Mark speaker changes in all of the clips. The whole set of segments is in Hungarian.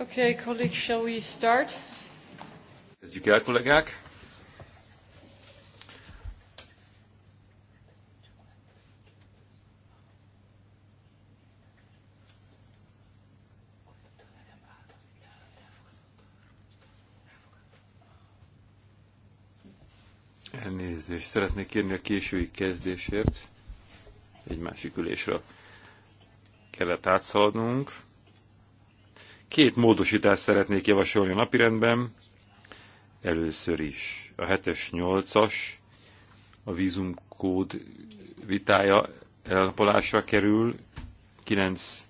Speaker 1: Okay, colleagues, shall we start?
Speaker 2: Kezdjük el, kollégák. Elnézést szeretnék kérni a késői kezdésért. Egy másik ülésre kellett átszaladnunk. Két módosítást szeretnék javasolni a napirendben. Először is a 7-es, 8-as a vízumkód vitája elpolásra kerül, 9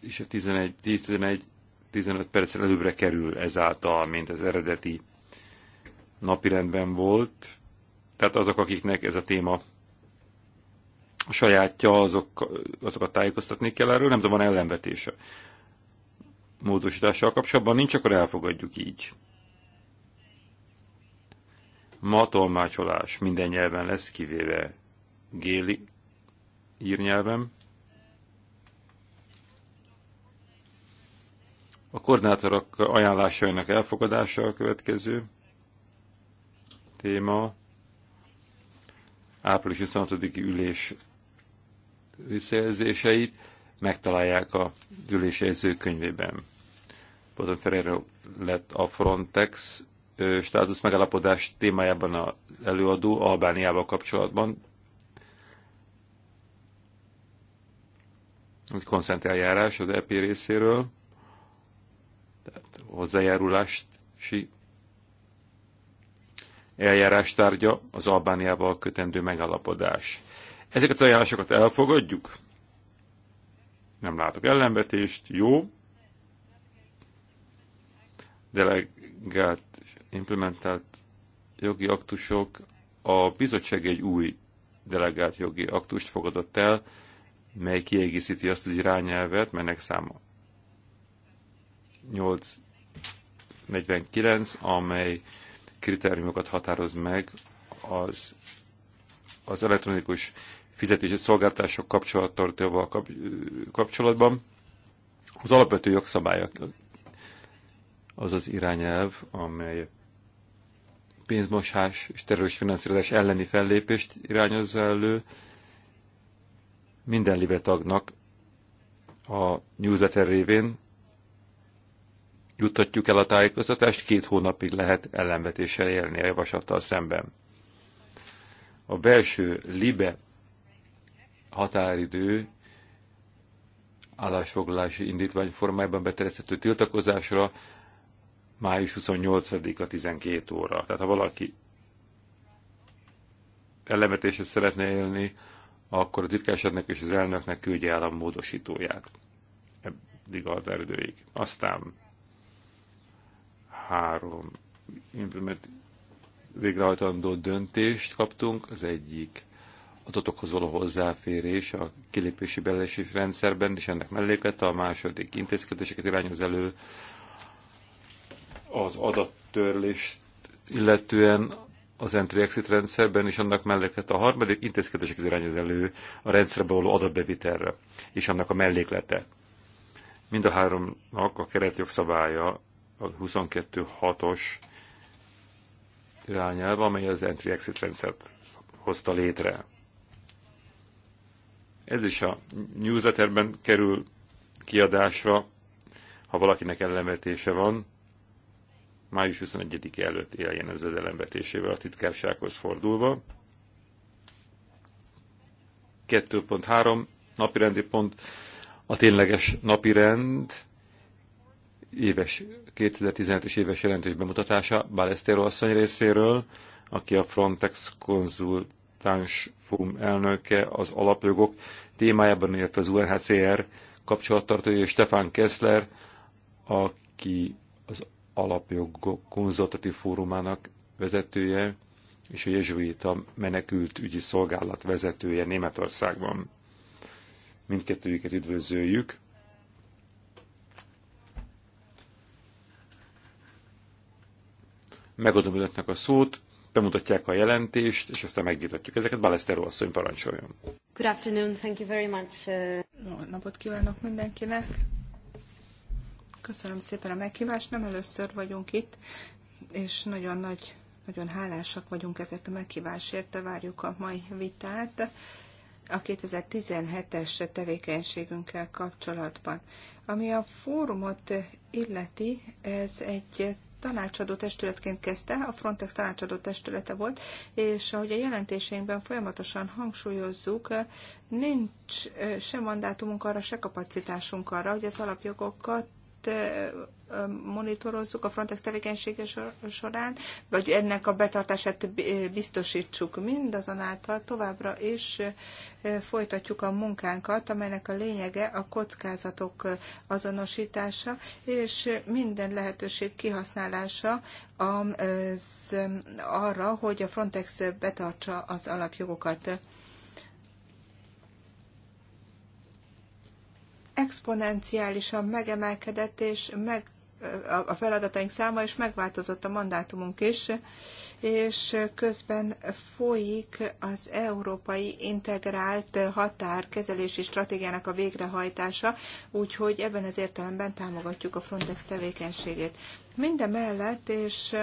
Speaker 2: és a 11, 10, 11, 15 perccel előbbre kerül ezáltal, mint az eredeti napirendben volt. Tehát azok, akiknek ez a téma a sajátja, azok, azokat tájékoztatni kell erről, nem tudom, van ellenvetése módosítással kapcsolatban nincs, akkor elfogadjuk így. Ma tolmácsolás minden nyelven lesz, kivéve géli írnyelven. A koordinátorok ajánlásainak elfogadása a következő téma. Április 26. ülés visszajelzéseit megtalálják a ülésjegyző könyvében. Pozon Ferreira lett a Frontex státusz megállapodás témájában az előadó Albániával kapcsolatban. Egy konszent eljárás az EP részéről, tehát hozzájárulási eljárás tárgya az Albániával kötendő megállapodás. Ezeket az ajánlásokat elfogadjuk? Nem látok ellenvetést, jó delegált, implementált jogi aktusok, a bizottság egy új delegált jogi aktust fogadott el, mely kiegészíti azt az irányelvet, melynek száma 849, amely kritériumokat határoz meg az, az elektronikus fizetési szolgáltások kapcsolattartóval kapcsolatban. Az alapvető jogszabályok az az irányelv, amely pénzmosás és terrorist finanszírozás elleni fellépést irányozza elő minden libe tagnak a newsletter révén juttatjuk el a tájékoztatást, két hónapig lehet ellenvetéssel élni a javaslattal szemben. A belső libe határidő állásfoglalási indítvány formájában beterezhető tiltakozásra május 28-a 12 óra. Tehát ha valaki elemetéset szeretne élni, akkor a titkásodnak és az elnöknek küldje el a módosítóját eddig a erdőig. Aztán három implement végrehajtandó döntést kaptunk. Az egyik adatokhoz való hozzáférés a kilépési belési rendszerben, és ennek melléklete a második intézkedéseket irányoz elő az adattörlést illetően az entry-exit rendszerben, és annak mellett a harmadik intézkedések irányoz elő a rendszerbe való adatbevitelre, és annak a melléklete. Mind a háromnak a keretjogszabálya a 22.6-os irányelve, amely az entry-exit rendszert hozta létre. Ez is a newsletterben kerül kiadásra, ha valakinek ellenvetése van, május 21 -e előtt éljen az edelemvetésével a titkársághoz fordulva. 2.3 napirendi pont a tényleges napirend éves 2017-es éves jelentés bemutatása Balestero asszony részéről, aki a Frontex konzultáns fórum elnöke az alapjogok témájában, illetve az UNHCR kapcsolattartója, és Stefan Kessler, aki alapjogok konzultatív fórumának vezetője, és a jezsuita menekült ügyi szolgálat vezetője Németországban. Mindkettőjüket üdvözöljük. Megadom önöknek a szót, bemutatják a jelentést, és aztán megnyitatjuk ezeket. Balester asszony parancsoljon.
Speaker 3: Good afternoon, thank you very much. Uh, Jó napot kívánok mindenkinek. Köszönöm szépen a meghívást, nem először vagyunk itt, és nagyon nagy, nagyon hálásak vagyunk ezért a meghívásért, várjuk a mai vitát a 2017-es tevékenységünkkel kapcsolatban. Ami a fórumot illeti, ez egy tanácsadó testületként kezdte, a Frontex tanácsadó testülete volt, és ahogy a jelentéseinkben folyamatosan hangsúlyozzuk, nincs sem mandátumunk arra, se kapacitásunk arra, hogy az alapjogokat monitorozzuk a Frontex tevékenysége során, vagy ennek a betartását biztosítsuk mindazonáltal, továbbra is folytatjuk a munkánkat, amelynek a lényege a kockázatok azonosítása, és minden lehetőség kihasználása az, arra, hogy a Frontex betartsa az alapjogokat. exponenciálisan megemelkedett, és meg, a feladataink száma, és megváltozott a mandátumunk is, és közben folyik az európai integrált határkezelési stratégiának a végrehajtása, úgyhogy ebben az értelemben támogatjuk a Frontex tevékenységét. Mindemellett, és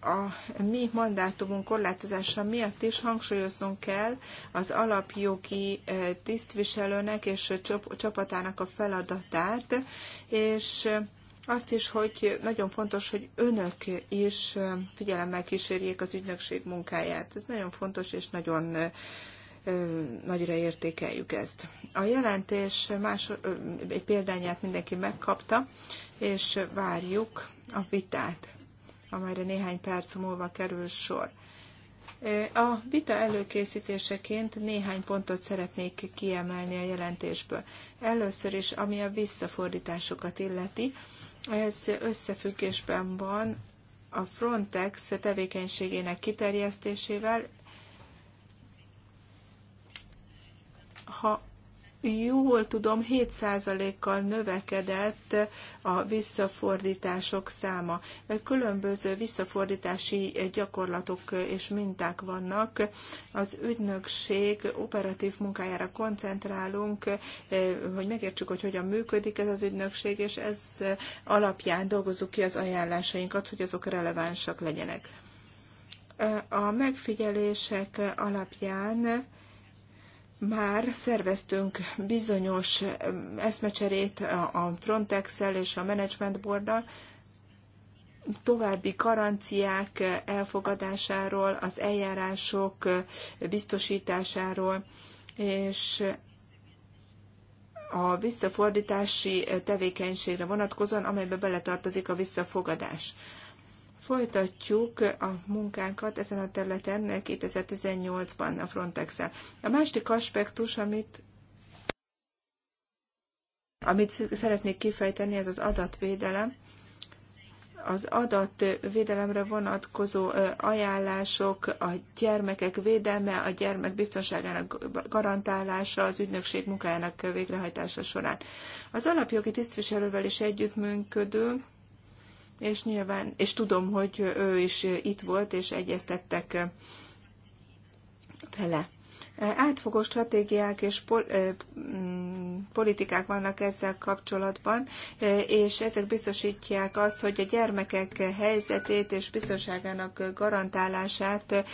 Speaker 3: a mi mandátumunk korlátozása miatt is hangsúlyoznunk kell az alapjogi eh, tisztviselőnek és csapatának a feladatát, és eh, azt is, hogy nagyon fontos, hogy önök is eh, figyelemmel kísérjék az ügynökség munkáját. Ez nagyon fontos, és nagyon nagyra értékeljük ezt. A jelentés más, egy példányát mindenki megkapta, és várjuk a vitát amelyre néhány perc múlva kerül sor. A vita előkészítéseként néhány pontot szeretnék kiemelni a jelentésből. Először is, ami a visszafordításokat illeti, ez összefüggésben van a Frontex tevékenységének kiterjesztésével, ha jól tudom, 7%-kal növekedett a visszafordítások száma. Különböző visszafordítási gyakorlatok és minták vannak. Az ügynökség operatív munkájára koncentrálunk, hogy megértsük, hogy hogyan működik ez az ügynökség, és ez alapján dolgozzuk ki az ajánlásainkat, hogy azok relevánsak legyenek. A megfigyelések alapján már szerveztünk bizonyos eszmecserét a frontex és a Management Boarddal, további garanciák elfogadásáról, az eljárások biztosításáról, és a visszafordítási tevékenységre vonatkozóan, amelybe beletartozik a visszafogadás. Folytatjuk a munkánkat ezen a területen 2018-ban a frontex -el. A másik aspektus, amit amit szeretnék kifejteni, ez az adatvédelem. Az adatvédelemre vonatkozó ajánlások, a gyermekek védelme, a gyermek biztonságának garantálása az ügynökség munkájának végrehajtása során. Az alapjogi tisztviselővel is együttműködünk, és nyilván, és tudom, hogy ő is itt volt, és egyeztettek vele. Átfogó stratégiák és mm, politikák vannak ezzel kapcsolatban, és ezek biztosítják azt, hogy a gyermekek helyzetét és biztonságának garantálását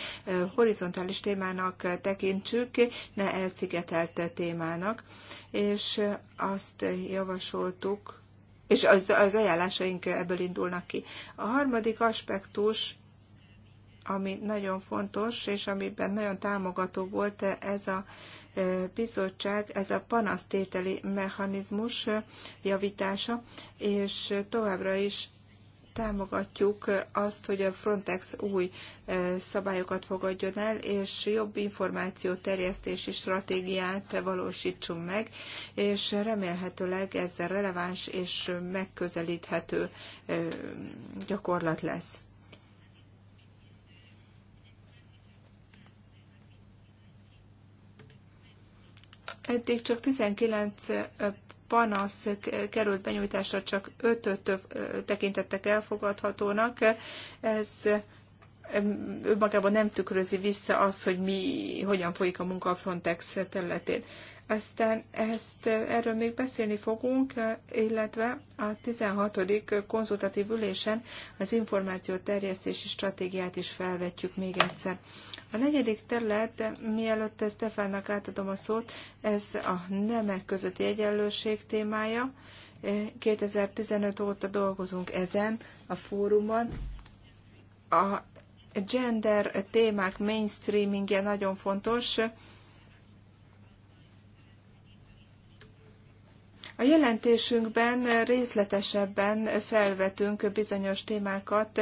Speaker 3: horizontális témának tekintsük, ne elszigetelt témának. És azt javasoltuk, és az, az ajánlásaink ebből indulnak ki. A harmadik aspektus, ami nagyon fontos, és amiben nagyon támogató volt ez a e, bizottság, ez a panasztételi mechanizmus e, javítása, és továbbra is támogatjuk azt, hogy a Frontex új szabályokat fogadjon el, és jobb információ terjesztési stratégiát valósítsunk meg, és remélhetőleg ezzel releváns és megközelíthető gyakorlat lesz. Eddig csak 19 panasz került benyújtásra, csak ötöt tekintettek elfogadhatónak. Ez önmagában nem tükrözi vissza az, hogy mi, hogyan folyik a munka a Frontex területén. Aztán ezt, erről még beszélni fogunk, illetve a 16. konzultatív ülésen az információ terjesztési stratégiát is felvetjük még egyszer. A negyedik terület, mielőtt Stefánnak átadom a szót, ez a nemek közötti egyenlőség témája. 2015 óta dolgozunk ezen a fórumon. A gender témák mainstreamingje nagyon fontos. A jelentésünkben részletesebben felvetünk bizonyos témákat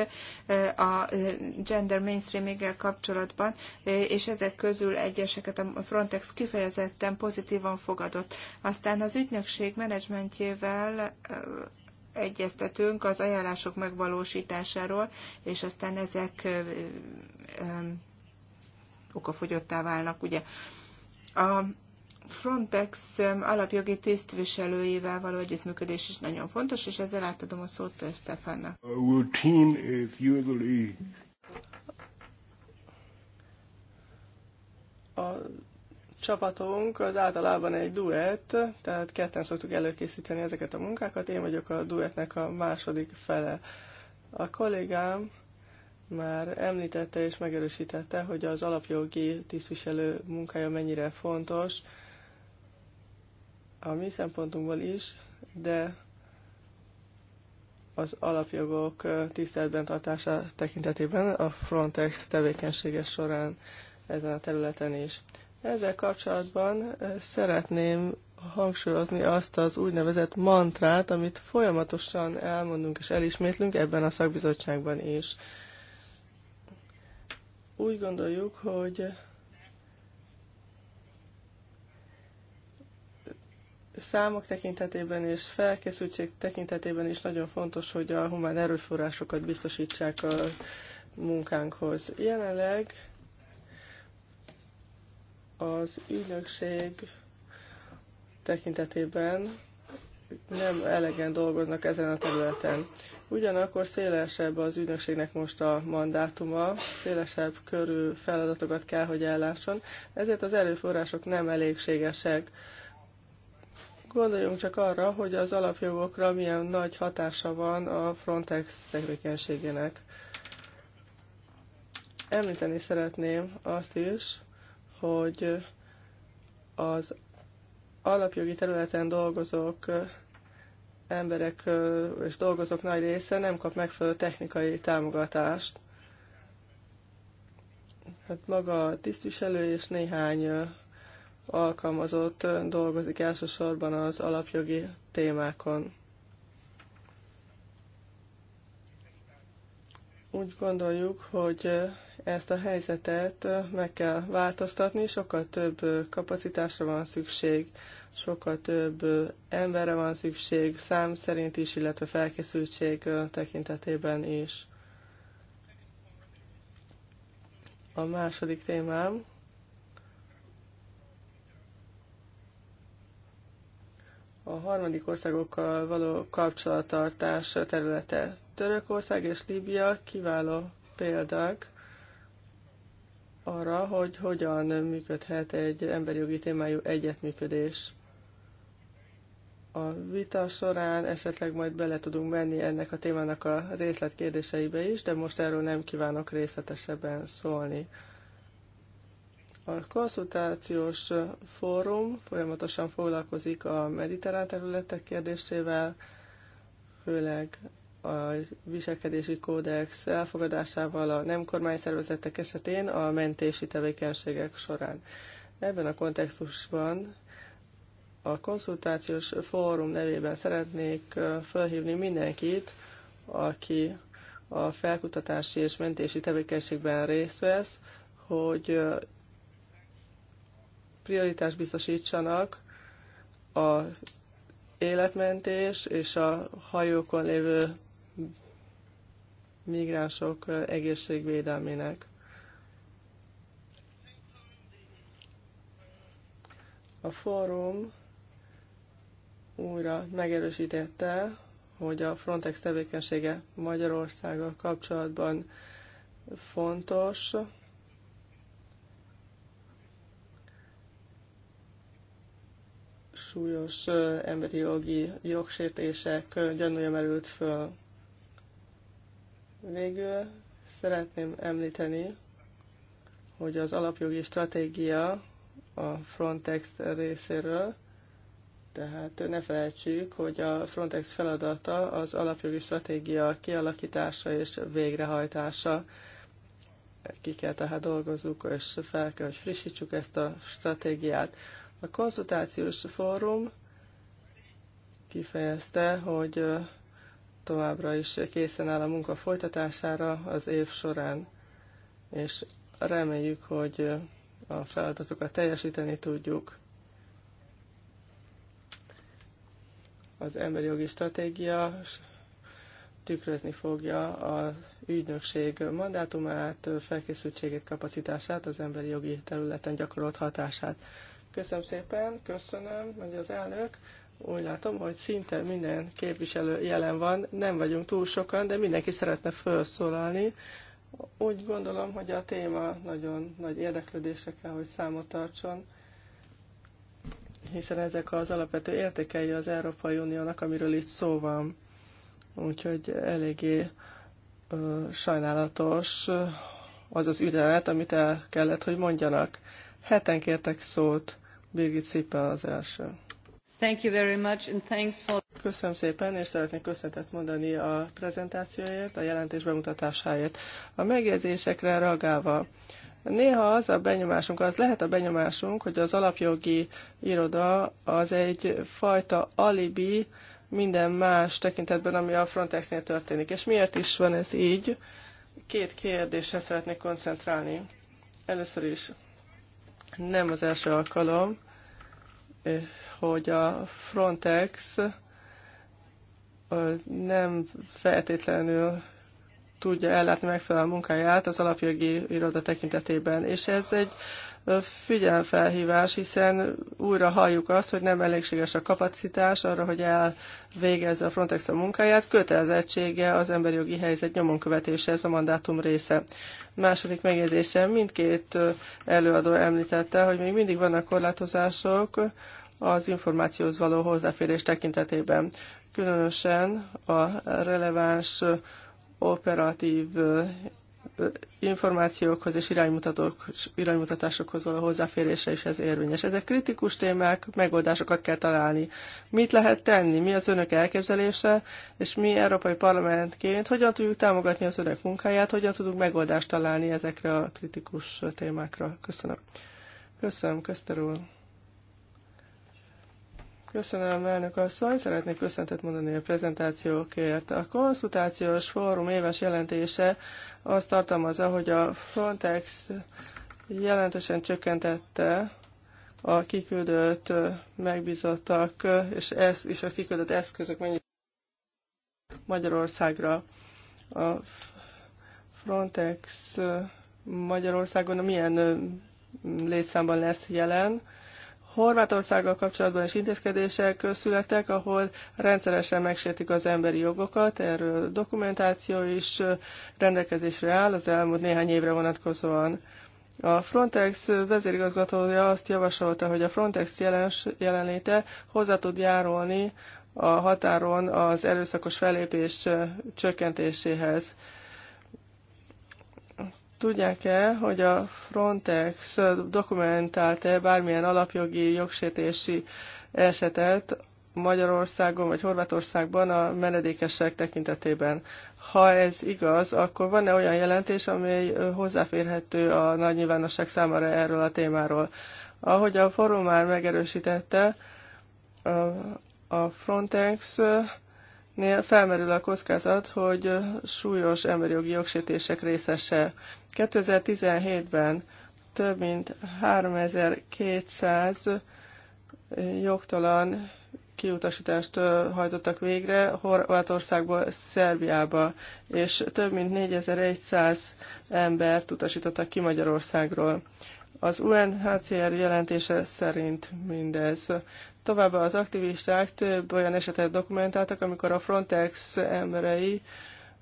Speaker 3: eh, a eh, gender mainstreaming kapcsolatban, eh, és ezek közül egyeseket a Frontex kifejezetten pozitívan fogadott. Aztán az ügynökség menedzsmentjével egyeztetünk az ajánlások megvalósításáról, és aztán ezek okafogyottá válnak, ugye. A Frontex alapjogi tisztviselőjével való együttműködés is nagyon fontos, és ezzel átadom a szót eh, Stefannak.
Speaker 1: A csapatunk az általában egy duett, tehát ketten szoktuk előkészíteni ezeket a munkákat. Én vagyok a duettnek a második fele. A kollégám már említette és megerősítette, hogy az alapjogi tisztviselő munkája mennyire fontos, a mi szempontunkból is, de az alapjogok tiszteletben tartása tekintetében a Frontex tevékenysége során ezen a területen is. Ezzel kapcsolatban szeretném hangsúlyozni azt az úgynevezett mantrát, amit folyamatosan elmondunk és elismétlünk ebben a szakbizottságban is. Úgy gondoljuk, hogy számok tekintetében és felkészültség tekintetében is nagyon fontos, hogy a humán erőforrásokat biztosítsák a munkánkhoz. Jelenleg az ügynökség tekintetében nem elegen dolgoznak ezen a területen. Ugyanakkor szélesebb az ügynökségnek most a mandátuma, szélesebb körű feladatokat kell, hogy ellásson, ezért az erőforrások nem elégségesek. Gondoljunk csak arra, hogy az alapjogokra milyen nagy hatása van a Frontex tevékenységének. Említeni szeretném azt is, hogy az alapjogi területen dolgozók emberek és dolgozók nagy része nem kap megfelelő technikai támogatást. Hát maga a tisztviselő és néhány alkalmazott dolgozik elsősorban az alapjogi témákon. Úgy gondoljuk, hogy ezt a helyzetet meg kell változtatni, sokkal több kapacitásra van szükség, sokkal több emberre van szükség, szám szerint is, illetve felkészültség tekintetében is. A második témám a harmadik országokkal való kapcsolattartás területe. Törökország és Líbia kiváló példák arra, hogy hogyan működhet egy emberi jogi témájú egyetműködés. A vita során esetleg majd bele tudunk menni ennek a témának a részletkérdéseibe is, de most erről nem kívánok részletesebben szólni. A konszultációs fórum folyamatosan foglalkozik a mediterrán területek kérdésével, főleg a viselkedési kódex elfogadásával a nem kormányszervezetek esetén a mentési tevékenységek során. Ebben a kontextusban a konszultációs fórum nevében szeretnék felhívni mindenkit, aki a felkutatási és mentési tevékenységben részt vesz, hogy prioritást biztosítsanak a életmentés és a hajókon lévő migránsok egészségvédelmének. A fórum újra megerősítette, hogy a Frontex tevékenysége Magyarországgal kapcsolatban fontos, súlyos emberi jogi jogsértések gyanúja merült föl. Végül szeretném említeni, hogy az alapjogi stratégia a Frontex részéről, tehát ne felejtsük, hogy a Frontex feladata az alapjogi stratégia kialakítása és végrehajtása. Ki kell tehát dolgozzuk, és fel kell, hogy frissítsük ezt a stratégiát. A konzultációs fórum kifejezte, hogy továbbra is készen áll a munka folytatására az év során, és reméljük, hogy a feladatokat teljesíteni tudjuk. Az emberi jogi stratégia tükrözni fogja az ügynökség mandátumát, felkészültségét, kapacitását, az emberi jogi területen gyakorolt hatását. Köszönöm szépen, köszönöm, mondja az elnök. Úgy látom, hogy szinte minden képviselő jelen van, nem vagyunk túl sokan, de mindenki szeretne felszólalni. Úgy gondolom, hogy a téma nagyon nagy érdeklődésre kell, hogy számot tartson, hiszen ezek az alapvető értékei az Európai Uniónak, amiről itt szó van. Úgyhogy eléggé ö, sajnálatos az az üzenet, amit el kellett, hogy mondjanak. Heten kértek szót. Birgit az első. Thank you very much and thanks for... Köszönöm szépen, és szeretnék köszönetet mondani a prezentációért, a jelentés bemutatásáért. A megjegyzésekre reagálva, néha az a benyomásunk, az lehet a benyomásunk, hogy az alapjogi iroda az egy fajta alibi minden más tekintetben, ami a Frontexnél történik. És miért is van ez így? Két kérdésre szeretnék koncentrálni. Először is nem az első alkalom, hogy a Frontex nem feltétlenül tudja ellátni megfelelő munkáját az alapjogi iroda tekintetében. És ez egy figyelemfelhívás, hiszen újra halljuk azt, hogy nem elégséges a kapacitás arra, hogy elvégezze a Frontex a munkáját, kötelezettsége az emberi jogi helyzet nyomon követése, ez a mandátum része. Második megjegyzésem, mindkét előadó említette, hogy még mindig vannak korlátozások az információhoz való hozzáférés tekintetében. Különösen a releváns operatív információkhoz és iránymutatók, iránymutatásokhoz való hozzáférése is ez érvényes. Ezek kritikus témák, megoldásokat kell találni. Mit lehet tenni, mi az önök elképzelése, és mi Európai Parlamentként hogyan tudjuk támogatni az önök munkáját, hogyan tudunk megoldást találni ezekre a kritikus témákra. Köszönöm. Köszönöm, Köszter Köszönöm, elnök asszony. Szeretnék köszöntet mondani a prezentációkért. A konszultációs fórum éves jelentése azt tartalmazza, hogy a Frontex jelentősen csökkentette a kiküldött megbízottak, és, ez, és a kiküldött eszközök mennyit Magyarországra. A Frontex Magyarországon milyen létszámban lesz jelen, Horvátországgal kapcsolatban is intézkedések születtek, ahol rendszeresen megsértik az emberi jogokat, erről dokumentáció is rendelkezésre áll az elmúlt néhány évre vonatkozóan. A Frontex vezérigazgatója azt javasolta, hogy a Frontex jelens, jelenléte hozzá tud járulni a határon az erőszakos felépés csökkentéséhez. Tudják-e, hogy a Frontex dokumentálta-e bármilyen alapjogi jogsértési esetet Magyarországon vagy Horvátországban a menedékesek tekintetében? Ha ez igaz, akkor van-e olyan jelentés, amely hozzáférhető a nagy nyilvánosság számára erről a témáról? Ahogy a fórum már megerősítette, a Frontex nél felmerül a kockázat, hogy súlyos emberi jogi jogsértések részese. 2017-ben több mint 3200 jogtalan kiutasítást hajtottak végre Horvátországból Szerbiába, és több mint 4100 embert utasítottak ki Magyarországról. Az UNHCR jelentése szerint mindez Továbbá az aktivisták több olyan esetet dokumentáltak, amikor a Frontex emberei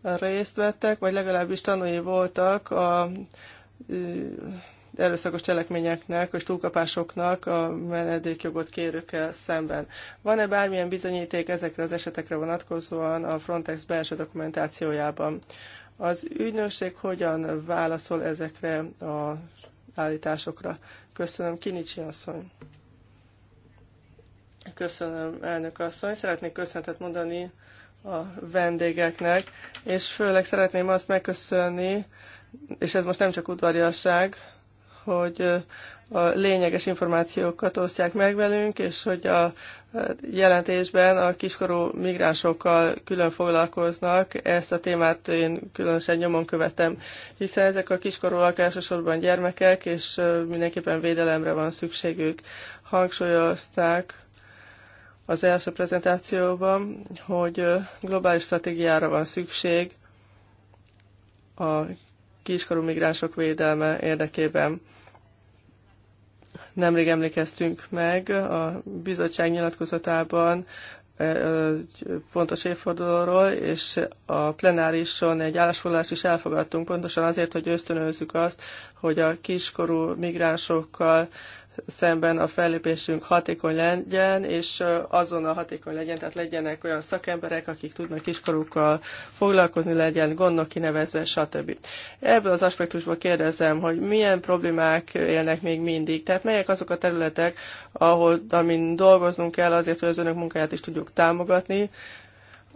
Speaker 1: részt vettek, vagy legalábbis tanúi voltak a erőszakos cselekményeknek és túlkapásoknak a menedékjogot kérőkkel szemben. Van-e bármilyen bizonyíték ezekre az esetekre vonatkozóan a Frontex belső dokumentációjában? Az ügynökség hogyan válaszol ezekre az állításokra? Köszönöm, Kinicsi asszony. Köszönöm, elnök asszony. Szeretnék köszönetet mondani a vendégeknek, és főleg szeretném azt megköszönni, és ez most nem csak udvariasság, hogy a lényeges információkat osztják meg velünk, és hogy a jelentésben a kiskorú migránsokkal külön foglalkoznak. Ezt a témát én különösen nyomon követem, hiszen ezek a kiskorúak elsősorban gyermekek, és mindenképpen védelemre van szükségük. Hangsúlyozták az első prezentációban, hogy globális stratégiára van szükség a kiskorú migránsok védelme érdekében. Nemrég emlékeztünk meg a bizottság nyilatkozatában fontos évfordulóról, és a plenárison egy állásfoglalást is elfogadtunk, pontosan azért, hogy ösztönözzük azt, hogy a kiskorú migránsokkal szemben a fellépésünk hatékony legyen, és azonnal hatékony legyen, tehát legyenek olyan szakemberek, akik tudnak kiskorukkal foglalkozni, legyen gondnok kinevezve, stb. Ebből az aspektusból kérdezem, hogy milyen problémák élnek még mindig, tehát melyek azok a területek, ahol, amin dolgoznunk kell azért, hogy az önök munkáját is tudjuk támogatni,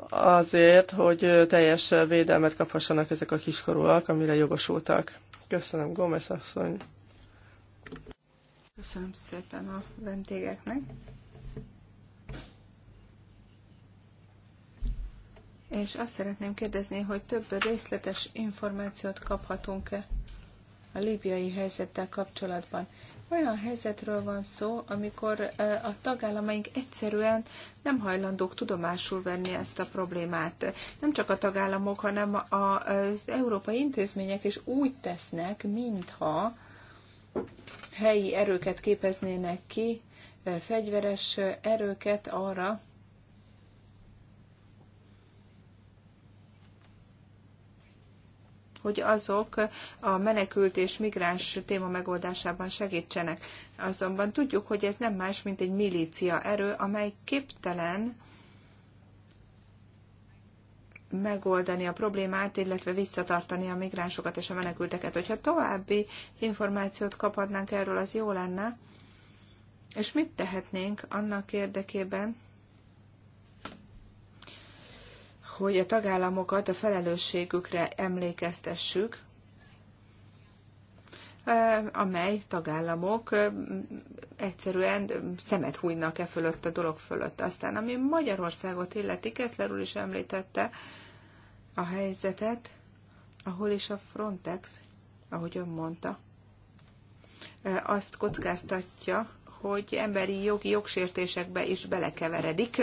Speaker 1: azért, hogy teljes védelmet kaphassanak ezek a kiskorúak, amire jogosultak. Köszönöm, Gomez asszony.
Speaker 3: Köszönöm szépen a vendégeknek. És azt szeretném kérdezni, hogy több részletes információt kaphatunk-e a líbiai helyzettel kapcsolatban. Olyan helyzetről van szó, amikor a tagállamaink egyszerűen nem hajlandók tudomásul venni ezt a problémát. Nem csak a tagállamok, hanem az európai intézmények is úgy tesznek, mintha helyi erőket képeznének ki, fegyveres erőket arra, hogy azok a menekült és migráns téma megoldásában segítsenek. Azonban tudjuk, hogy ez nem más, mint egy milícia erő, amely képtelen megoldani a problémát, illetve visszatartani a migránsokat és a menekülteket. Hogyha további információt kaphatnánk erről, az jó lenne. És mit tehetnénk annak érdekében, hogy a tagállamokat a felelősségükre emlékeztessük, eh, amely tagállamok eh, egyszerűen szemet hújnak e fölött a dolog fölött. Aztán, ami Magyarországot illeti, Keszler úr is említette, a helyzetet, ahol is a Frontex, ahogy ön mondta, azt kockáztatja, hogy emberi jogi jogsértésekbe is belekeveredik,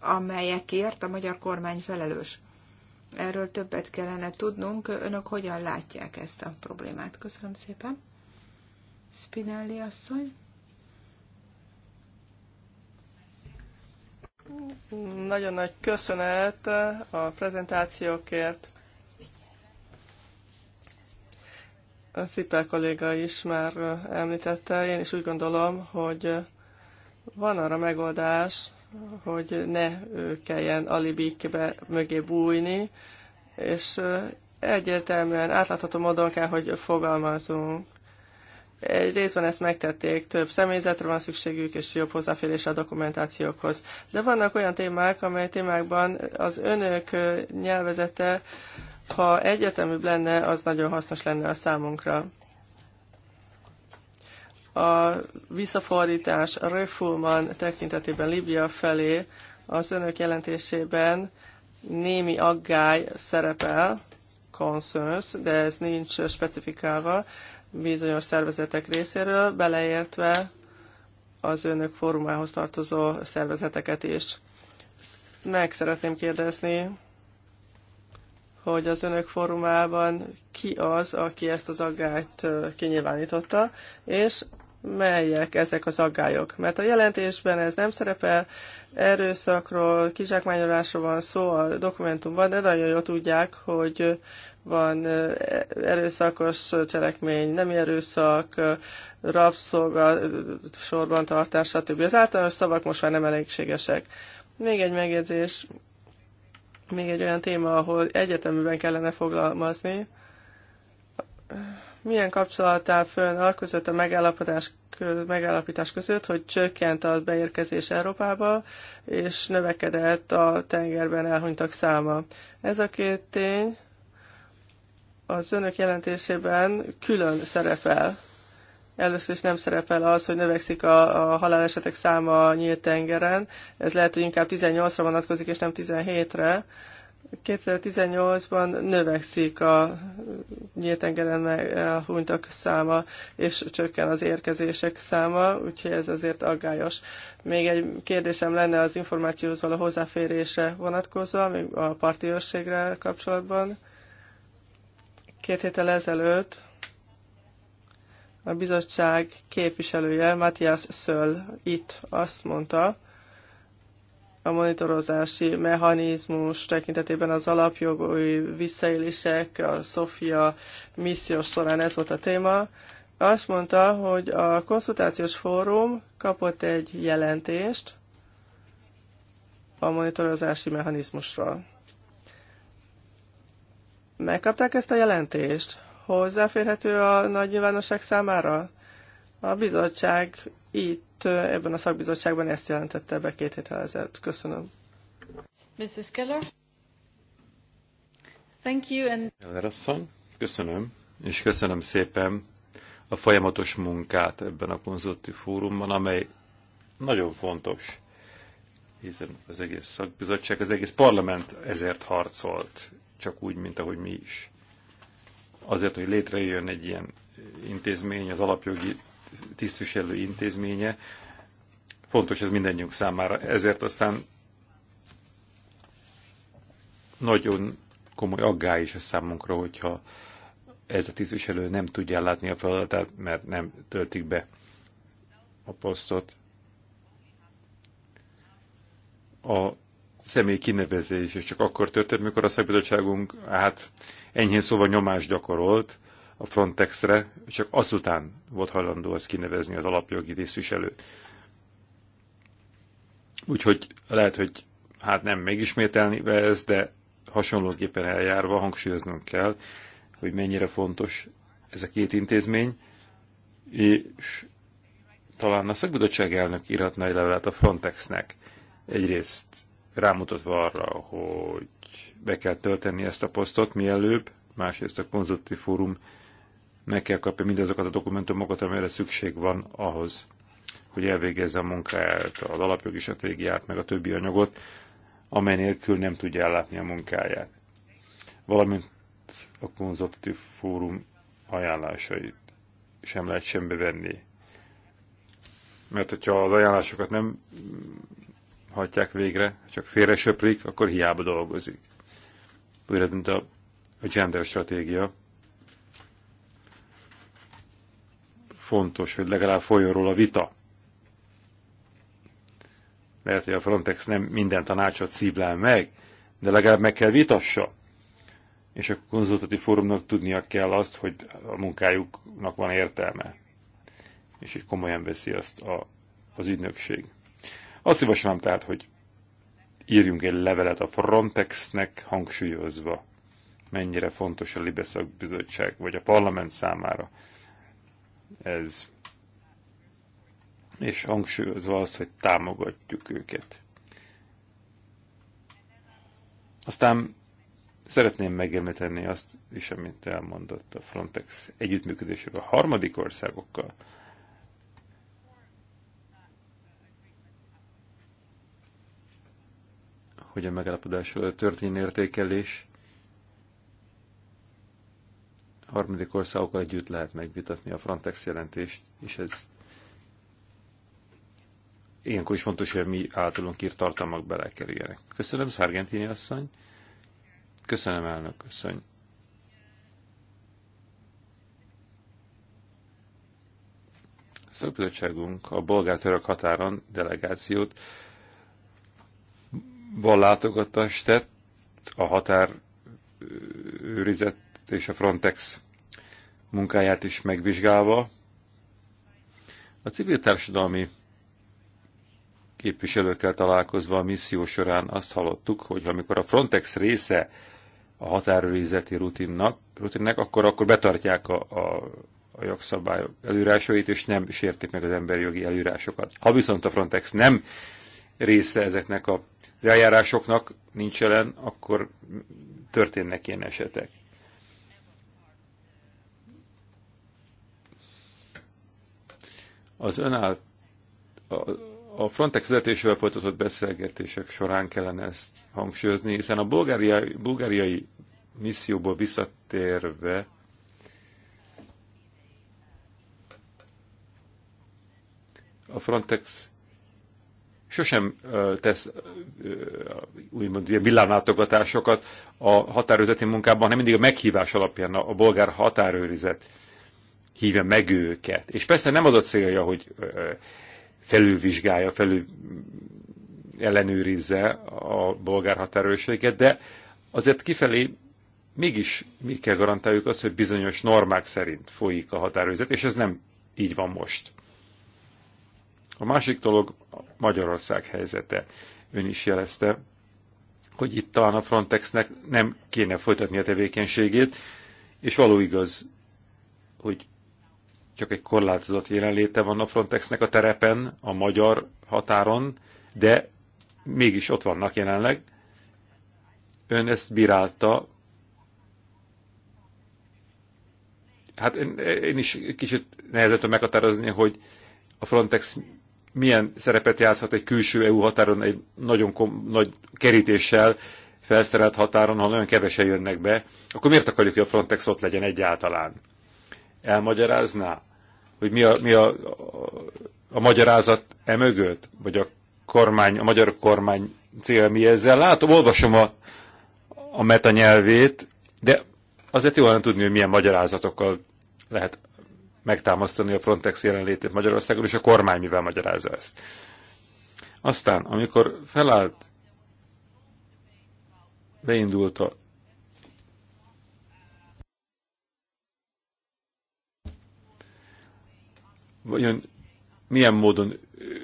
Speaker 3: amelyekért a magyar kormány felelős. Erről többet kellene tudnunk. Önök hogyan látják ezt a problémát? Köszönöm szépen.
Speaker 1: Spinelli asszony. Nagyon nagy köszönet a prezentációkért. A Cipel kolléga is már említette, én is úgy gondolom, hogy van arra megoldás, hogy ne kelljen alibik mögé bújni, és egyértelműen átlátható módon kell, hogy fogalmazunk. Egy részben ezt megtették, több személyzetre van szükségük, és jobb hozzáférés a dokumentációkhoz. De vannak olyan témák, amely témákban az önök nyelvezete, ha egyértelműbb lenne, az nagyon hasznos lenne a számunkra. A visszafordítás Refulman tekintetében Libia felé az önök jelentésében némi aggály szerepel, concerns, de ez nincs specifikálva, bizonyos szervezetek részéről, beleértve az önök fórumához tartozó szervezeteket is. Meg szeretném kérdezni, hogy az önök fórumában ki az, aki ezt az aggályt kinyilvánította, és melyek ezek az aggályok. Mert a jelentésben ez nem szerepel, erőszakról, kizsákmányolásról van szó a dokumentumban, de nagyon jól tudják, hogy van erőszakos cselekmény, nem erőszak, rabszolga, sorban tartás, stb. Az általános szavak most már nem elégségesek. Még egy megjegyzés, még egy olyan téma, ahol egyeteműben kellene foglalmazni. milyen kapcsolat áll fönn a között a megállapodás, megállapítás között, hogy csökkent a beérkezés Európába, és növekedett a tengerben elhunytak száma. Ez a két tény az önök jelentésében külön szerepel. Először is nem szerepel az, hogy növekszik a, a halálesetek száma a nyílt tengeren. Ez lehet, hogy inkább 18-ra vonatkozik, és nem 17-re. 2018-ban növekszik a nyílt tengeren elhunytak száma, és csökken az érkezések száma, úgyhogy ez azért aggályos. Még egy kérdésem lenne az információhoz való hozzáférésre vonatkozva, még a parti kapcsolatban. Két héttel ezelőtt a bizottság képviselője, Matthias Söll itt azt mondta, a monitorozási mechanizmus tekintetében az alapjogói visszaélések, a Sofia misszió során ez volt a téma. Azt mondta, hogy a konszultációs fórum kapott egy jelentést a monitorozási mechanizmusról. Megkapták ezt a jelentést? Hozzáférhető a nagy nyilvánosság számára? A bizottság itt, ebben a szakbizottságban ezt jelentette be két héttel ezelőtt. Köszönöm.
Speaker 3: Mrs. Keller?
Speaker 1: Thank you and...
Speaker 2: Keller asszony, köszönöm, és köszönöm szépen a folyamatos munkát ebben a konzultív fórumban, amely nagyon fontos, hiszen az egész szakbizottság, az egész parlament ezért harcolt, csak úgy, mint ahogy mi is. Azért, hogy létrejön egy ilyen intézmény, az alapjogi tisztviselő intézménye, fontos ez mindennyiunk számára. Ezért aztán nagyon komoly aggály is a számunkra, hogyha ez a tisztviselő nem tudja látni a feladatát, mert nem töltik be a posztot. A személy kinevezés, és csak akkor történt, mikor a szakbizottságunk hát enyhén szóval nyomást gyakorolt a Frontexre, csak azután volt hajlandó ezt kinevezni az alapjogi részviselőt. Úgyhogy lehet, hogy hát nem megismételni be ez, de hasonlóképpen eljárva hangsúlyoznunk kell, hogy mennyire fontos ez a két intézmény, és talán a szakbizottság elnök írhatna egy levelet a Frontexnek egyrészt rámutatva arra, hogy be kell tölteni ezt a posztot mielőbb, másrészt a konzultív fórum meg kell kapja mindazokat a dokumentumokat, amelyre szükség van ahhoz, hogy elvégezze a munkáját, az alapjogi stratégiát, meg a többi anyagot, amely nélkül nem tudja ellátni a munkáját. Valamint a konzultív fórum ajánlásait sem lehet sembe venni. Mert hogyha az ajánlásokat nem hagyják végre, csak félre söprik, akkor hiába dolgozik. Újra, mint a, a gender stratégia. Fontos, hogy legalább folyjon róla vita. Lehet, hogy a Frontex nem minden tanácsot szívlel meg, de legalább meg kell vitassa. És a konzultatív fórumnak tudnia kell azt, hogy a munkájuknak van értelme. És így komolyan veszi azt a, az ügynökség. Azt javaslom tehát, hogy írjunk egy levelet a Frontexnek hangsúlyozva, mennyire fontos a Libeszak bizottság, vagy a parlament számára ez. És hangsúlyozva azt, hogy támogatjuk őket. Aztán szeretném megemlíteni azt is, amit elmondott a Frontex együttműködésével a harmadik országokkal, hogy a megállapodás történjen értékelés harmadik országokkal együtt lehet megvitatni a Frontex jelentést, és ez ilyenkor is fontos, hogy mi általunk írt tartalmak belekerüljenek. Köszönöm, Szargentini asszony. Köszönöm, elnök asszony. Szakbizottságunk a bolgár-török határon delegációt látogatást tett a őrizett és a Frontex munkáját is megvizsgálva. A civil társadalmi képviselőkkel találkozva a misszió során azt hallottuk, hogy amikor a Frontex része a határőrizeti rutinnak, rutinnek akkor, akkor betartják a, a, a jogszabályok előírásait, és nem sértik meg az emberi jogi előírásokat. Ha viszont a Frontex nem része ezeknek a eljárásoknak nincs jelen, akkor történnek ilyen esetek. Az önáll, a, a Frontex vezetésével folytatott beszélgetések során kellene ezt hangsúlyozni, hiszen a bulgáriai, bulgáriai misszióból visszatérve a Frontex sosem tesz úgymond ilyen villámlátogatásokat a határőrzeti munkában, hanem mindig a meghívás alapján a, bolgár határőrizet hívja meg őket. És persze nem az a célja, hogy felülvizsgálja, felül mm, ellenőrizze a bolgár határőrséget, de azért kifelé mégis mi kell garantáljuk azt, hogy bizonyos normák szerint folyik a határőrzet, és ez nem így van most. A másik dolog Magyarország helyzete. Ön is jelezte, hogy itt talán a Frontexnek nem kéne folytatni a tevékenységét, és való igaz, hogy csak egy korlátozott jelenléte van a Frontexnek a terepen, a magyar határon, de mégis ott vannak jelenleg. Ön ezt bírálta. Hát én, én is kicsit nehezen meghatározni, hogy a Frontex milyen szerepet játszhat egy külső EU határon egy nagyon kom, nagy kerítéssel felszerelt határon, ha nagyon kevesen jönnek be, akkor miért akarjuk, hogy a Frontex ott legyen egyáltalán? Elmagyarázná, hogy mi a, mi a, a, a magyarázat e mögött, vagy a kormány, a magyar kormány cél mi ezzel? Látom, olvasom a, a meta nyelvét, de azért jól nem tudni, hogy milyen magyarázatokkal lehet megtámasztani a Frontex jelenlétét Magyarországon, és a kormány mivel magyarázza ezt. Aztán, amikor felállt, beindult a vajon milyen módon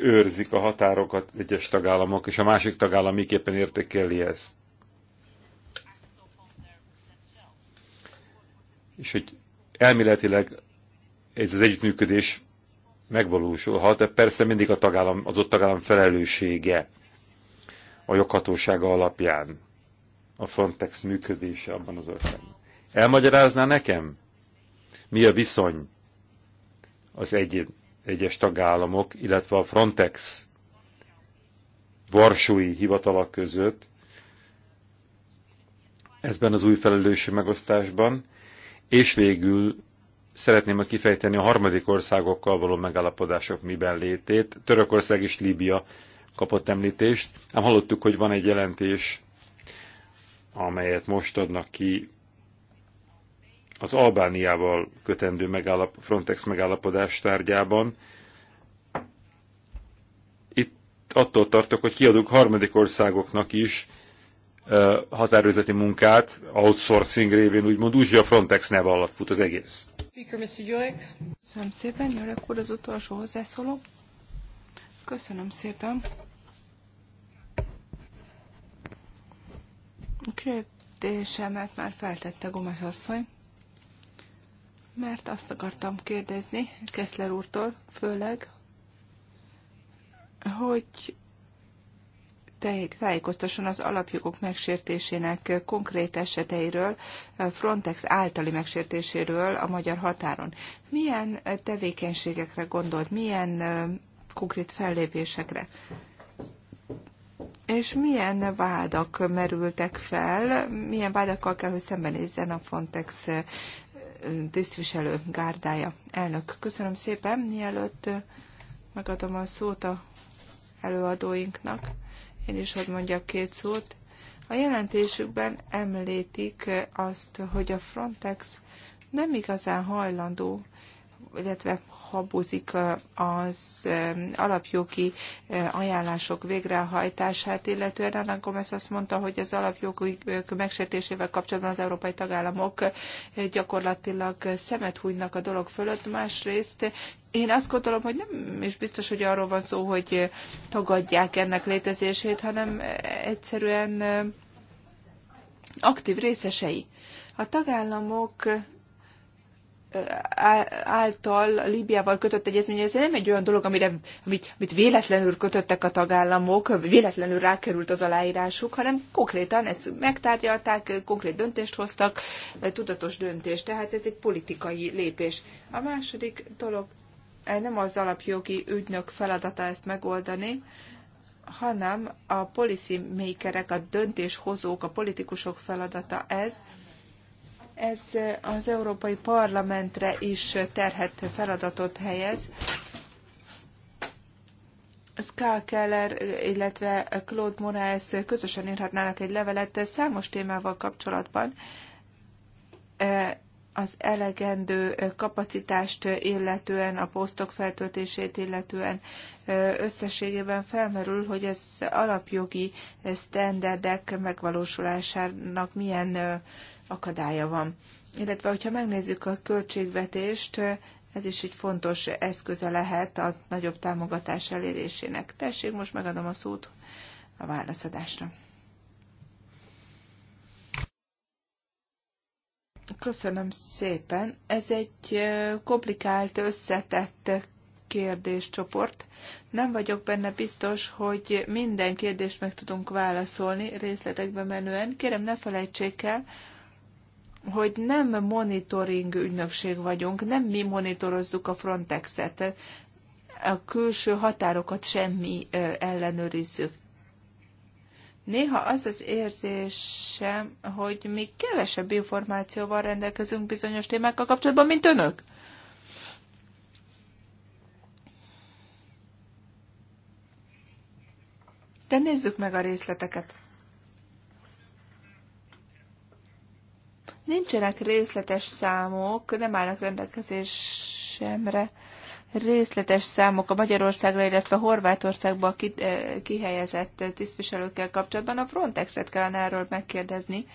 Speaker 2: őrzik a határokat egyes tagállamok, és a másik tagállam miképpen értékeli ezt. És hogy elméletileg ez az együttműködés megvalósulhat, de persze mindig a tagállam, az ott tagállam felelőssége a joghatósága alapján a Frontex működése abban az országban. Elmagyarázná nekem, mi a viszony az egy, egyes tagállamok, illetve a Frontex varsói hivatalak között, ezben az új felelősség megosztásban, és végül szeretném kifejteni a harmadik országokkal való megállapodások miben létét. Törökország és Líbia kapott említést, ám hallottuk, hogy van egy jelentés, amelyet most adnak ki az Albániával kötendő megállap, Frontex megállapodás tárgyában. Itt attól tartok, hogy kiadunk harmadik országoknak is határőrzeti munkát, outsourcing révén úgymond, úgy, hogy a Frontex neve alatt fut az egész.
Speaker 3: Köszönöm szépen, Jörek úr az utolsó hozzászóló. Köszönöm szépen. A kérdésemet már feltette Gomes asszony, mert azt akartam kérdezni Keszler úrtól, főleg, hogy tájékoztasson az alapjogok megsértésének konkrét eseteiről, Frontex általi megsértéséről a magyar határon. Milyen tevékenységekre gondolt, milyen konkrét fellépésekre? És milyen vádak merültek fel, milyen vádakkal kell, hogy szembenézzen a Frontex tisztviselő gárdája. Elnök, köszönöm szépen, mielőtt megadom a szót a előadóinknak. Én is hadd mondjak két szót. A jelentésükben említik azt, hogy a Frontex nem igazán hajlandó, illetve habozik az alapjogi ajánlások végrehajtását, illetően Anna Gomez azt mondta, hogy az alapjogi megsértésével kapcsolatban az európai tagállamok gyakorlatilag szemet hújnak a dolog fölött, másrészt én azt gondolom, hogy nem is biztos, hogy arról van szó, hogy tagadják ennek létezését, hanem egyszerűen aktív részesei. A tagállamok által Líbiával kötött egyezmény, ez nem egy olyan dolog, amire, amit, amit véletlenül kötöttek a tagállamok, véletlenül rákerült az aláírásuk, hanem konkrétan ezt megtárgyalták, konkrét döntést hoztak, tudatos döntést. tehát ez egy politikai lépés. A második dolog nem az alapjogi ügynök feladata ezt megoldani, hanem a policy makerek, a döntéshozók, a politikusok feladata ez. Ez az Európai Parlamentre is terhet feladatot helyez. Ska Keller, illetve Claude Moraes közösen írhatnának egy levelet számos témával kapcsolatban eh, az elegendő kapacitást illetően, a posztok feltöltését illetően összességében felmerül, hogy ez alapjogi sztenderdek megvalósulásának milyen akadálya van. Illetve, hogyha megnézzük a költségvetést, ez is egy fontos eszköze lehet a nagyobb támogatás elérésének. Tessék, most megadom a szót a válaszadásra. Köszönöm szépen. Ez egy komplikált, összetett kérdéscsoport. Nem vagyok benne biztos, hogy minden kérdést meg tudunk válaszolni részletekbe menően. Kérem, ne felejtsék el, hogy nem monitoring ügynökség vagyunk, nem mi monitorozzuk a Frontex-et, a külső határokat semmi ellenőrizzük. Néha az az érzésem, hogy mi kevesebb információval rendelkezünk bizonyos témákkal kapcsolatban, mint önök. De nézzük meg a részleteket. Nincsenek részletes számok, nem állnak rendelkezésemre részletes számok a Magyarországra, illetve Horvátországba eh, kihelyezett tisztviselőkkel kapcsolatban. A Frontexet kellene erről megkérdezni.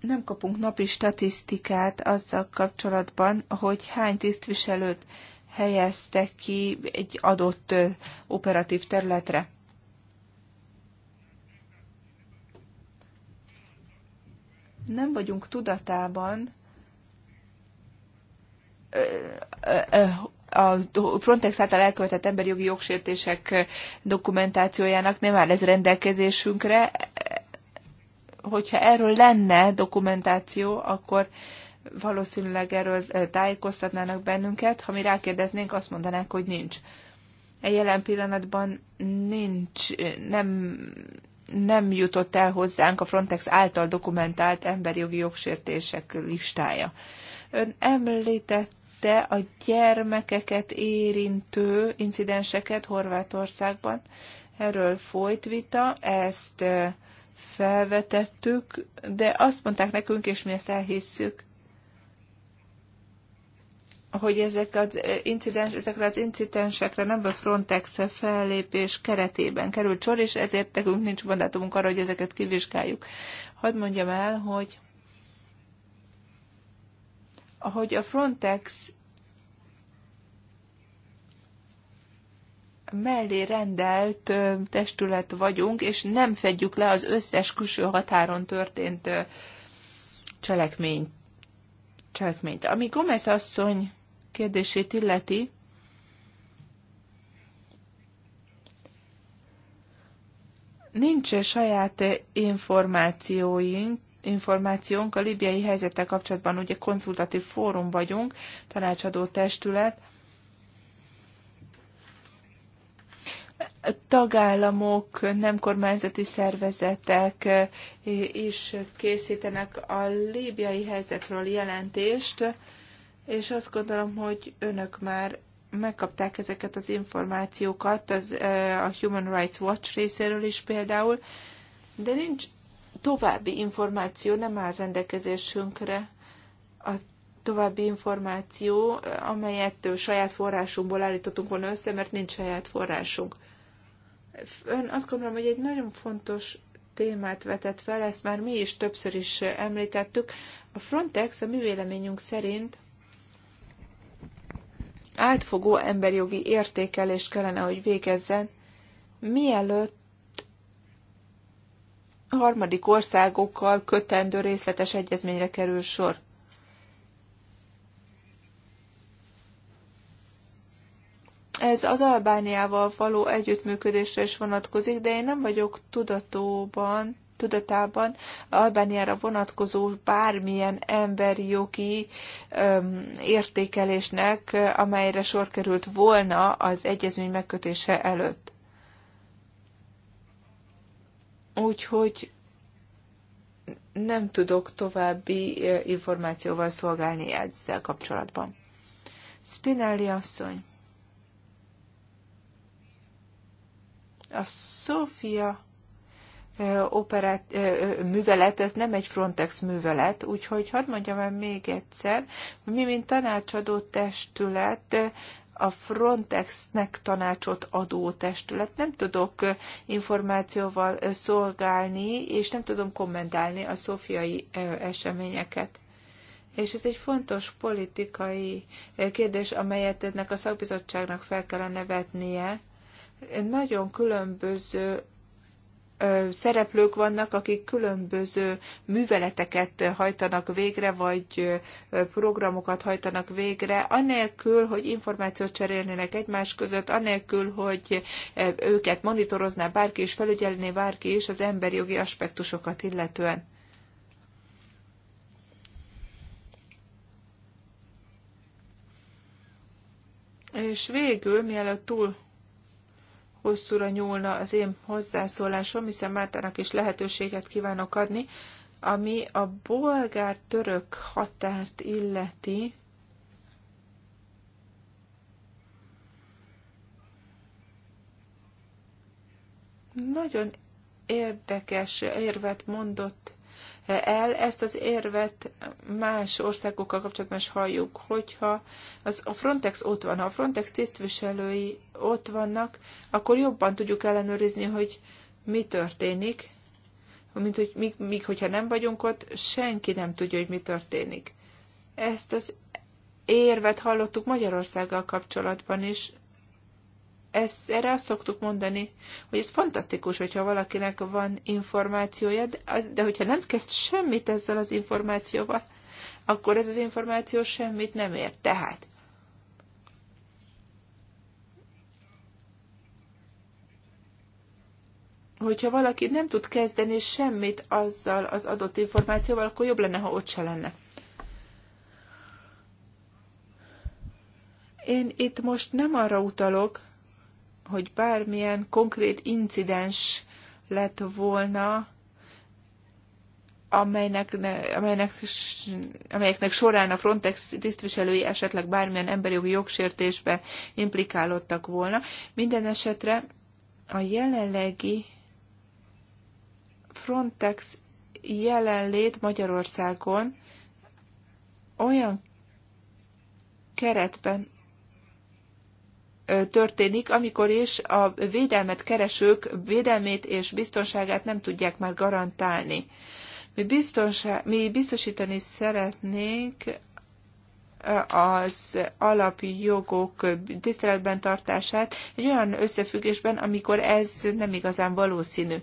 Speaker 3: Nem kapunk napi statisztikát azzal kapcsolatban, hogy hány tisztviselőt helyeztek ki egy adott eh, operatív területre. Nem vagyunk tudatában, a Frontex által elkövetett emberi jogi jogsértések dokumentációjának nem áll ez rendelkezésünkre. Hogyha erről lenne dokumentáció, akkor valószínűleg erről eh, tájékoztatnának bennünket. Ha mi rákérdeznénk, azt mondanák, hogy nincs. E jelen pillanatban nincs, nem, nem jutott el hozzánk a Frontex által dokumentált emberi jogi jogsértések listája. Ön említett de a gyermekeket érintő incidenseket Horvátországban. Erről folyt vita, ezt felvetettük, de azt mondták nekünk, és mi ezt elhisszük, hogy ezek az incidens, ezekre az incidensekre nem a Frontex fellépés keretében került sor, és ezért nekünk nincs mandátumunk arra, hogy ezeket kivizsgáljuk. Hadd mondjam el, hogy hogy a Frontex mellé rendelt testület vagyunk, és nem fedjük le az összes külső határon történt cselekményt. cselekményt. Ami Gomez asszony kérdését illeti, nincs saját információink információnk a libiai helyzettel kapcsolatban, ugye konzultatív fórum vagyunk, tanácsadó testület, tagállamok, nem kormányzati szervezetek eh, is készítenek a líbiai helyzetről jelentést, és azt gondolom, hogy önök már megkapták ezeket az információkat, az, eh, a Human Rights Watch részéről is például, de nincs további információ nem áll rendelkezésünkre. A további információ, amelyet saját forrásunkból állítottunk volna össze, mert nincs saját forrásunk. Ön azt gondolom, hogy egy nagyon fontos témát vetett fel, ezt már mi is többször is említettük. A Frontex a mi véleményünk szerint átfogó emberjogi értékelést kellene, hogy végezzen, mielőtt harmadik országokkal kötendő részletes egyezményre kerül sor. Ez az Albániával való együttműködésre is vonatkozik, de én nem vagyok tudatóban, tudatában Albániára vonatkozó bármilyen emberi jogi öm, értékelésnek, amelyre sor került volna az egyezmény megkötése előtt. Úgyhogy nem tudok további információval szolgálni ezzel kapcsolatban. Spinelli asszony. A Sofia operát, művelet, ez nem egy Frontex művelet, úgyhogy hadd mondjam el még egyszer, mi, mint tanácsadó testület, a Frontexnek tanácsot adó testület. Nem tudok információval szolgálni, és nem tudom kommentálni a szofiai eseményeket. És ez egy fontos politikai kérdés, amelyet ennek a szakbizottságnak fel kellene vetnie. Nagyon különböző szereplők vannak, akik különböző műveleteket hajtanak végre, vagy programokat hajtanak végre, anélkül, hogy információt cserélnének egymás között, anélkül, hogy őket monitorozná bárki és felügyelné bárki is az emberi jogi aspektusokat illetően. És végül, mielőtt túl hosszúra nyúlna az én hozzászólásom, hiszen Mártának is lehetőséget kívánok adni, ami a bolgár-török határt illeti. Nagyon érdekes érvet mondott el. Ezt az érvet más országokkal kapcsolatban is halljuk, hogyha az, a Frontex ott van, ha a Frontex tisztviselői ott vannak, akkor jobban tudjuk ellenőrizni, hogy mi történik, mint hogy míg, míg hogyha nem vagyunk ott, senki nem tudja, hogy mi történik. Ezt az érvet hallottuk Magyarországgal kapcsolatban is, ez, erre azt szoktuk mondani, hogy ez fantasztikus, hogyha valakinek van információja, de, az, de hogyha nem kezd semmit ezzel az információval, akkor ez az információ semmit nem ér. Tehát hogyha valaki nem tud kezdeni semmit azzal az adott információval, akkor jobb lenne, ha ott se lenne. Én itt most nem arra utalok, hogy bármilyen konkrét incidens lett volna, amelynek, amelynek, amelyeknek során a Frontex tisztviselői esetleg bármilyen emberi jogi jogsértésbe implikálódtak volna. Minden esetre a jelenlegi Frontex jelenlét Magyarországon olyan keretben történik, amikor is a védelmet keresők védelmét és biztonságát nem tudják már garantálni. Mi, mi biztosítani szeretnénk az jogok tiszteletben tartását egy olyan összefüggésben, amikor ez nem igazán valószínű.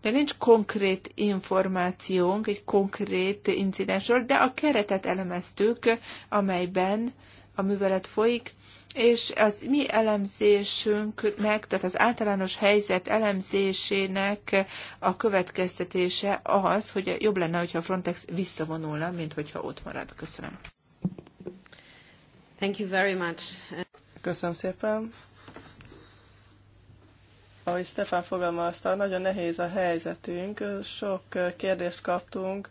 Speaker 3: De nincs konkrét információnk egy konkrét incidensről, de a keretet elemeztük, amelyben a művelet folyik, és az mi elemzésünknek, tehát az általános helyzet elemzésének a következtetése az, hogy jobb lenne, hogyha a Frontex visszavonulna, mint hogyha ott marad. Köszönöm.
Speaker 1: Thank you very much. Köszönöm szépen. Ahogy Stefan fogalmazta, nagyon nehéz a helyzetünk. Sok kérdést kaptunk,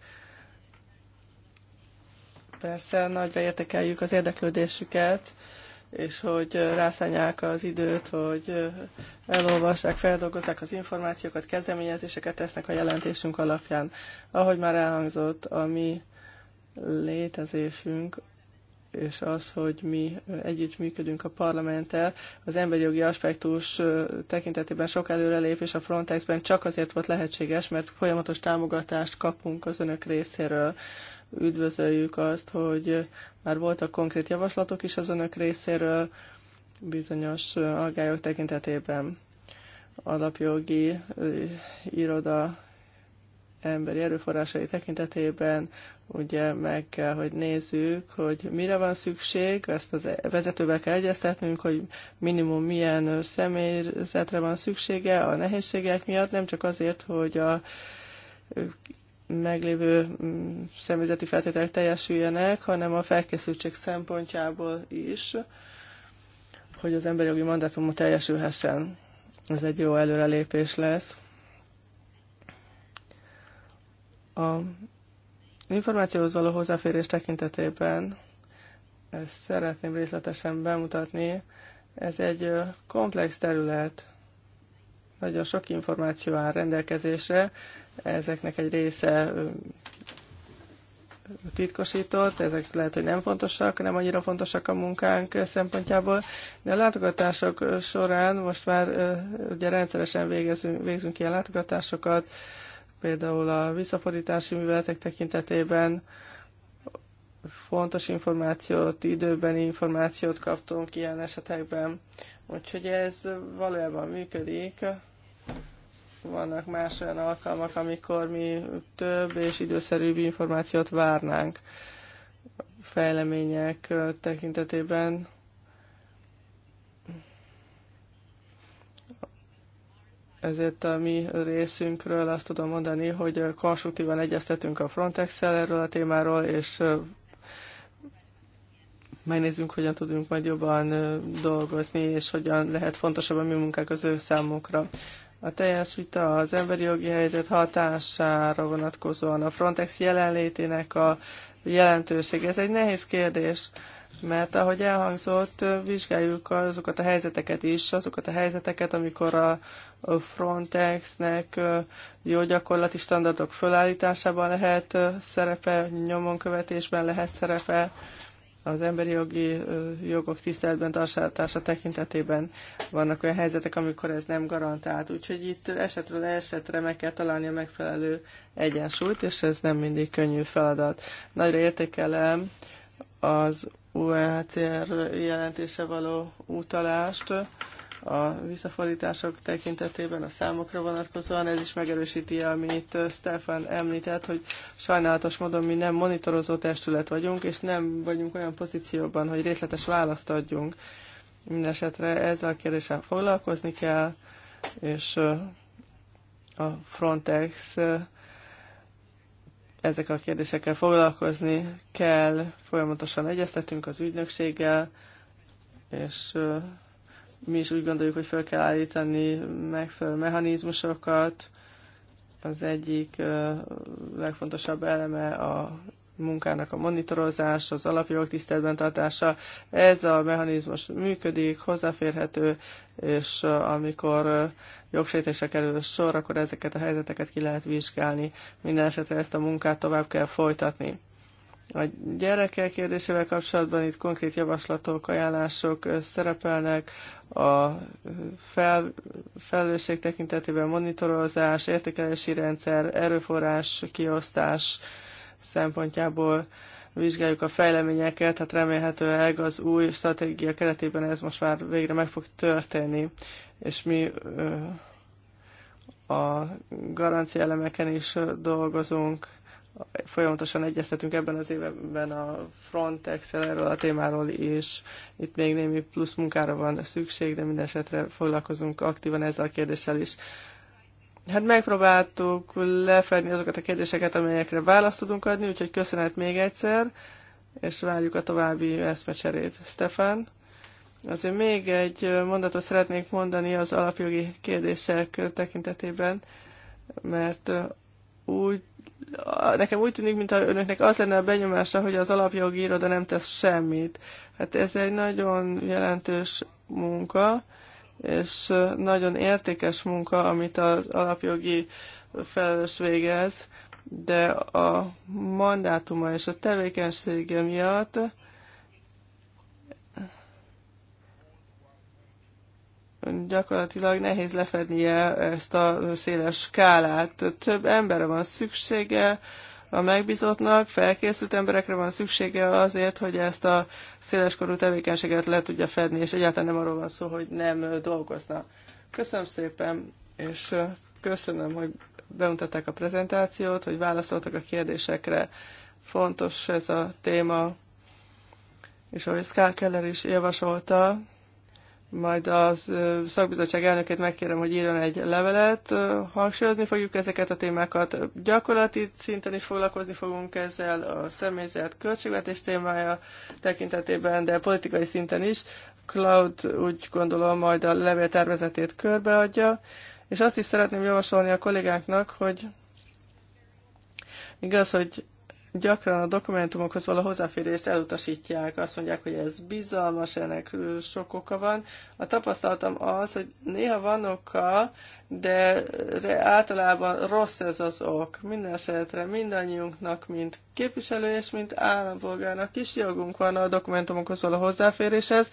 Speaker 1: persze nagyra értékeljük az érdeklődésüket, és hogy rászánják az időt, hogy elolvassák, feldolgozzák az információkat, kezdeményezéseket tesznek a jelentésünk alapján. Ahogy már elhangzott, a mi létezésünk és az, hogy mi együtt működünk a parlamenttel, az emberi jogi aspektus tekintetében sok előrelépés a Frontexben csak azért volt lehetséges, mert folyamatos támogatást kapunk az önök részéről. Üdvözöljük azt, hogy már voltak konkrét javaslatok is az önök részéről bizonyos aggályok tekintetében. Alapjogi iroda emberi erőforrásai tekintetében ugye meg kell, hogy nézzük, hogy mire van szükség, ezt az vezetővel kell egyeztetnünk, hogy minimum milyen személyzetre van szüksége a nehézségek miatt, nem csak azért, hogy a meglévő mm, személyzeti feltételek teljesüljenek, hanem a felkészültség szempontjából is, hogy az emberi jogi mandátumot teljesülhessen. Ez egy jó előrelépés lesz. A információhoz való hozzáférés tekintetében ezt szeretném részletesen bemutatni. Ez egy komplex terület, nagyon sok információ áll rendelkezésre, ezeknek egy része titkosított, ezek lehet, hogy nem fontosak, nem annyira fontosak a munkánk szempontjából, de a látogatások során most már ugye rendszeresen végezünk, végzünk ilyen látogatásokat, például a visszafordítási műveletek tekintetében fontos információt, időben információt kaptunk ilyen esetekben. Úgyhogy ez valójában működik vannak más olyan alkalmak, amikor mi több és időszerűbb információt várnánk fejlemények tekintetében. Ezért a mi részünkről azt tudom mondani, hogy konstruktívan egyeztetünk a Frontex-el erről a témáról, és megnézzünk, hogyan tudunk majd jobban dolgozni, és hogyan lehet fontosabb a mi munkák az ő számukra. A teljes vita az emberi jogi helyzet hatására vonatkozóan a Frontex jelenlétének a jelentőség. Ez egy nehéz kérdés, mert ahogy elhangzott, vizsgáljuk azokat a helyzeteket is, azokat a helyzeteket, amikor a Frontexnek jó gyakorlati standardok fölállításában lehet szerepe, nyomon követésben lehet szerepe, az emberi jogi jogok tiszteletben tartása tekintetében vannak olyan helyzetek, amikor ez nem garantált. Úgyhogy itt esetről esetre meg kell találni a megfelelő egyensúlyt, és ez nem mindig könnyű feladat. Nagyra értékelem az UNHCR e jelentése való utalást, a visszafordítások tekintetében, a számokra vonatkozóan. Ez is megerősíti, amit Stefan említett, hogy sajnálatos módon mi nem monitorozó testület vagyunk, és nem vagyunk olyan pozícióban, hogy részletes választ adjunk. Mindenesetre ezzel a kérdéssel foglalkozni kell, és a Frontex ezek a kérdésekkel foglalkozni kell, folyamatosan egyeztetünk az ügynökséggel, és mi is úgy gondoljuk, hogy fel kell állítani megfelelő mechanizmusokat. Az egyik legfontosabb eleme a munkának a monitorozás, az alapjogok tiszteletben tartása. Ez a mechanizmus működik, hozzáférhető, és amikor jogsértésre kerül sor, akkor ezeket a helyzeteket ki lehet vizsgálni. Minden esetre ezt a munkát tovább kell folytatni. A gyerekek kérdésével kapcsolatban itt konkrét javaslatok, ajánlások szerepelnek, a fel, felelősség tekintetében monitorozás, értékelési rendszer, erőforrás kiosztás szempontjából vizsgáljuk a fejleményeket, hát remélhetőleg az új stratégia keretében ez most már végre meg fog történni, és mi a garancia elemeken is dolgozunk Folyamatosan egyeztetünk ebben az évben a frontex erről a témáról is. Itt még némi plusz munkára van szükség, de minden esetre foglalkozunk aktívan ezzel a kérdéssel is. Hát megpróbáltuk lefedni azokat a kérdéseket, amelyekre választ tudunk adni, úgyhogy köszönet még egyszer, és várjuk a további eszmecserét. Stefan? Azért még egy mondatot szeretnék mondani az alapjogi kérdések tekintetében, mert úgy nekem úgy tűnik, mintha önöknek az lenne a benyomása, hogy az alapjogi iroda nem tesz semmit. Hát ez egy nagyon jelentős munka, és nagyon értékes munka, amit az alapjogi felelős végez, de a mandátuma és a tevékenysége miatt gyakorlatilag nehéz lefednie ezt a széles skálát. Több emberre van szüksége, a megbízottnak felkészült emberekre van szüksége azért, hogy ezt a széleskorú tevékenységet le tudja fedni, és egyáltalán nem arról van szó, hogy nem dolgozna. Köszönöm szépen, és köszönöm, hogy bemutatták a prezentációt, hogy válaszoltak a kérdésekre. Fontos ez a téma, és ahogy Ská Keller is javasolta, majd a szakbizottság elnökét megkérem, hogy írjon egy levelet. Hangsúlyozni fogjuk ezeket a témákat. Gyakorlati szinten is foglalkozni fogunk ezzel a személyzet költségvetés témája tekintetében, de politikai szinten is. Cloud úgy gondolom majd a levél tervezetét körbeadja, és azt is szeretném javasolni a kollégáknak, hogy igaz, hogy gyakran a dokumentumokhoz való hozzáférést elutasítják. Azt mondják, hogy ez bizalmas, ennek sok oka van. A tapasztalatom az, hogy néha van oka, de általában rossz ez az ok. Minden esetre mindannyiunknak, mint képviselő és mint állampolgárnak is jogunk van a dokumentumokhoz való hozzáféréshez,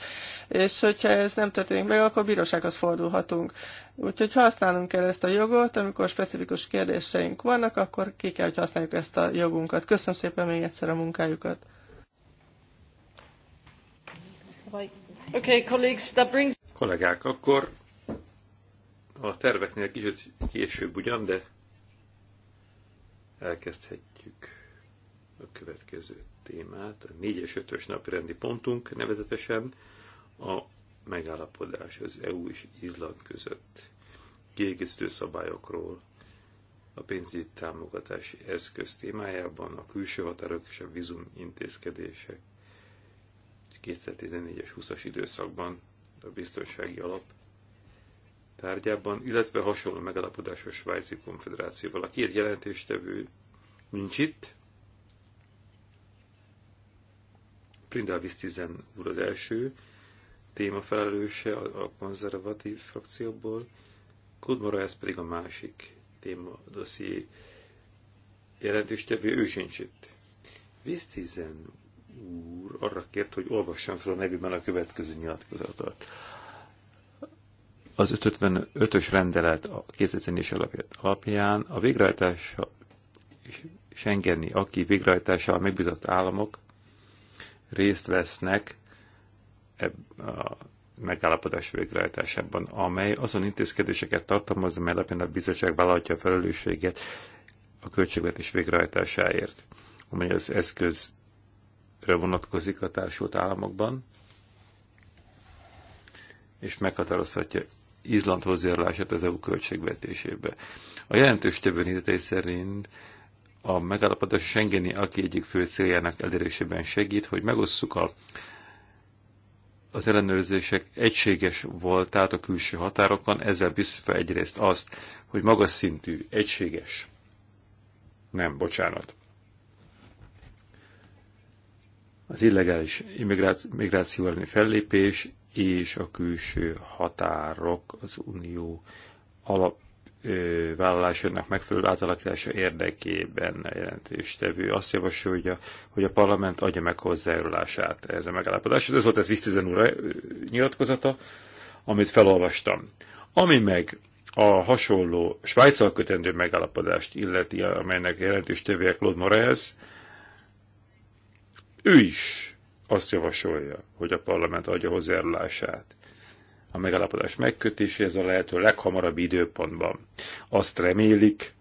Speaker 1: és hogyha ez nem történik meg, akkor bírósághoz fordulhatunk. Úgyhogy használnunk kell ezt a jogot, amikor specifikus kérdéseink vannak, akkor ki kell, hogy használjuk ezt a jogunkat. Köszönöm szépen még egyszer a munkájukat.
Speaker 2: Okay, colleagues, that brings... Kollégák, akkor a terveknél kicsit később ugyan, de elkezdhetjük a következő témát, a 4 és 5-ös napirendi pontunk nevezetesen a megállapodás az EU és Izland között kiegészítő szabályokról a pénzügyi támogatási eszköz témájában a külső határok és a vízum intézkedések 2014-es 20-as időszakban a biztonsági alap tárgyában, illetve hasonló megalapodás a Svájci Konfederációval. A két jelentéstevő nincs itt. Prindel Visztizen úr az első témafelelőse a konzervatív frakcióból, Kudmora ez pedig a másik téma dosszié jelentéstevő, ő sincs itt. Visztizen úr arra kért, hogy olvassam fel a nevében a következő nyilatkozatot. Az 55. ös rendelet a készítenés alapján a végrehajtása Schengeni, aki a megbízott államok részt vesznek a megállapodás végrehajtásában, amely azon intézkedéseket tartalmaz, mely alapján a bizottság vállalhatja a felelősséget a költségvetés végrehajtásáért, amely az eszközre vonatkozik a társult államokban, és meghatározhatja Izland hozzájárulását az EU költségvetésébe. A jelentős tevőnézetei szerint a megállapodás Schengeni aki egyik fő céljának elérésében segít, hogy megosszuk a, az ellenőrzések egységes voltát a külső határokon, ezzel biztosítva egyrészt azt, hogy magas szintű, egységes, nem, bocsánat, az illegális immigráció elleni fellépés és a külső határok az unió alapvállalásának megfelelő átalakítása érdekében jelentéstevő azt javasolja, hogy a, hogy a parlament adja meg hozzájárulását ez a megállapodáshoz. Ez volt ez Visszizen úr nyilatkozata, amit felolvastam. Ami meg a hasonló Svájccal kötendő megállapodást illeti, amelynek jelentéstevője Claude Moraes, ő is azt javasolja, hogy a parlament adja hozzájárulását a megállapodás megkötéséhez a lehető leghamarabb időpontban. Azt remélik,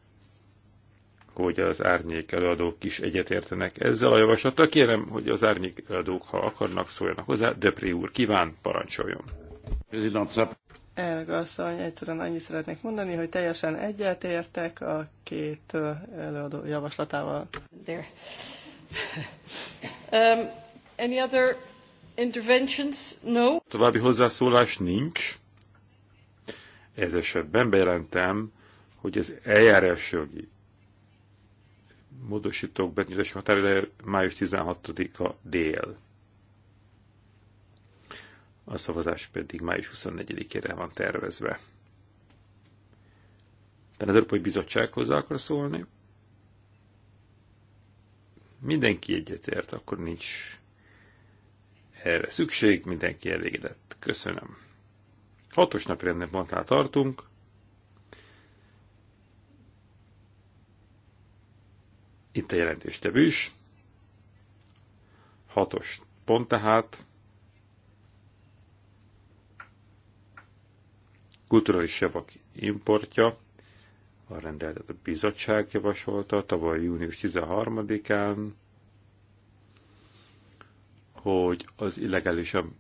Speaker 2: hogy az árnyék előadók is egyetértenek ezzel a javaslattal. Kérem, hogy az árnyék előadók, ha akarnak, szóljanak hozzá. Döpré úr, kíván, parancsoljon.
Speaker 1: Elnök asszony, egyszerűen annyit szeretnék mondani, hogy teljesen egyetértek a két előadó javaslatával. There. um, Any other
Speaker 2: interventions? No. További hozzászólás nincs. Ez esetben bejelentem, hogy az jogi. módosítók betűzési határideje május 16-a dél. A szavazás pedig május 24-ére van tervezve. De az Európai Bizottság hozzá akar szólni. Mindenki egyetért, akkor nincs erre szükség, mindenki elégedett. Köszönöm. Hatos napi rendben tartunk. Itt a jelentéstevő is. Hatos pont tehát. Kulturális javak importja. A rendeltet a bizottság javasolta tavaly június 13-án hogy az illegálisan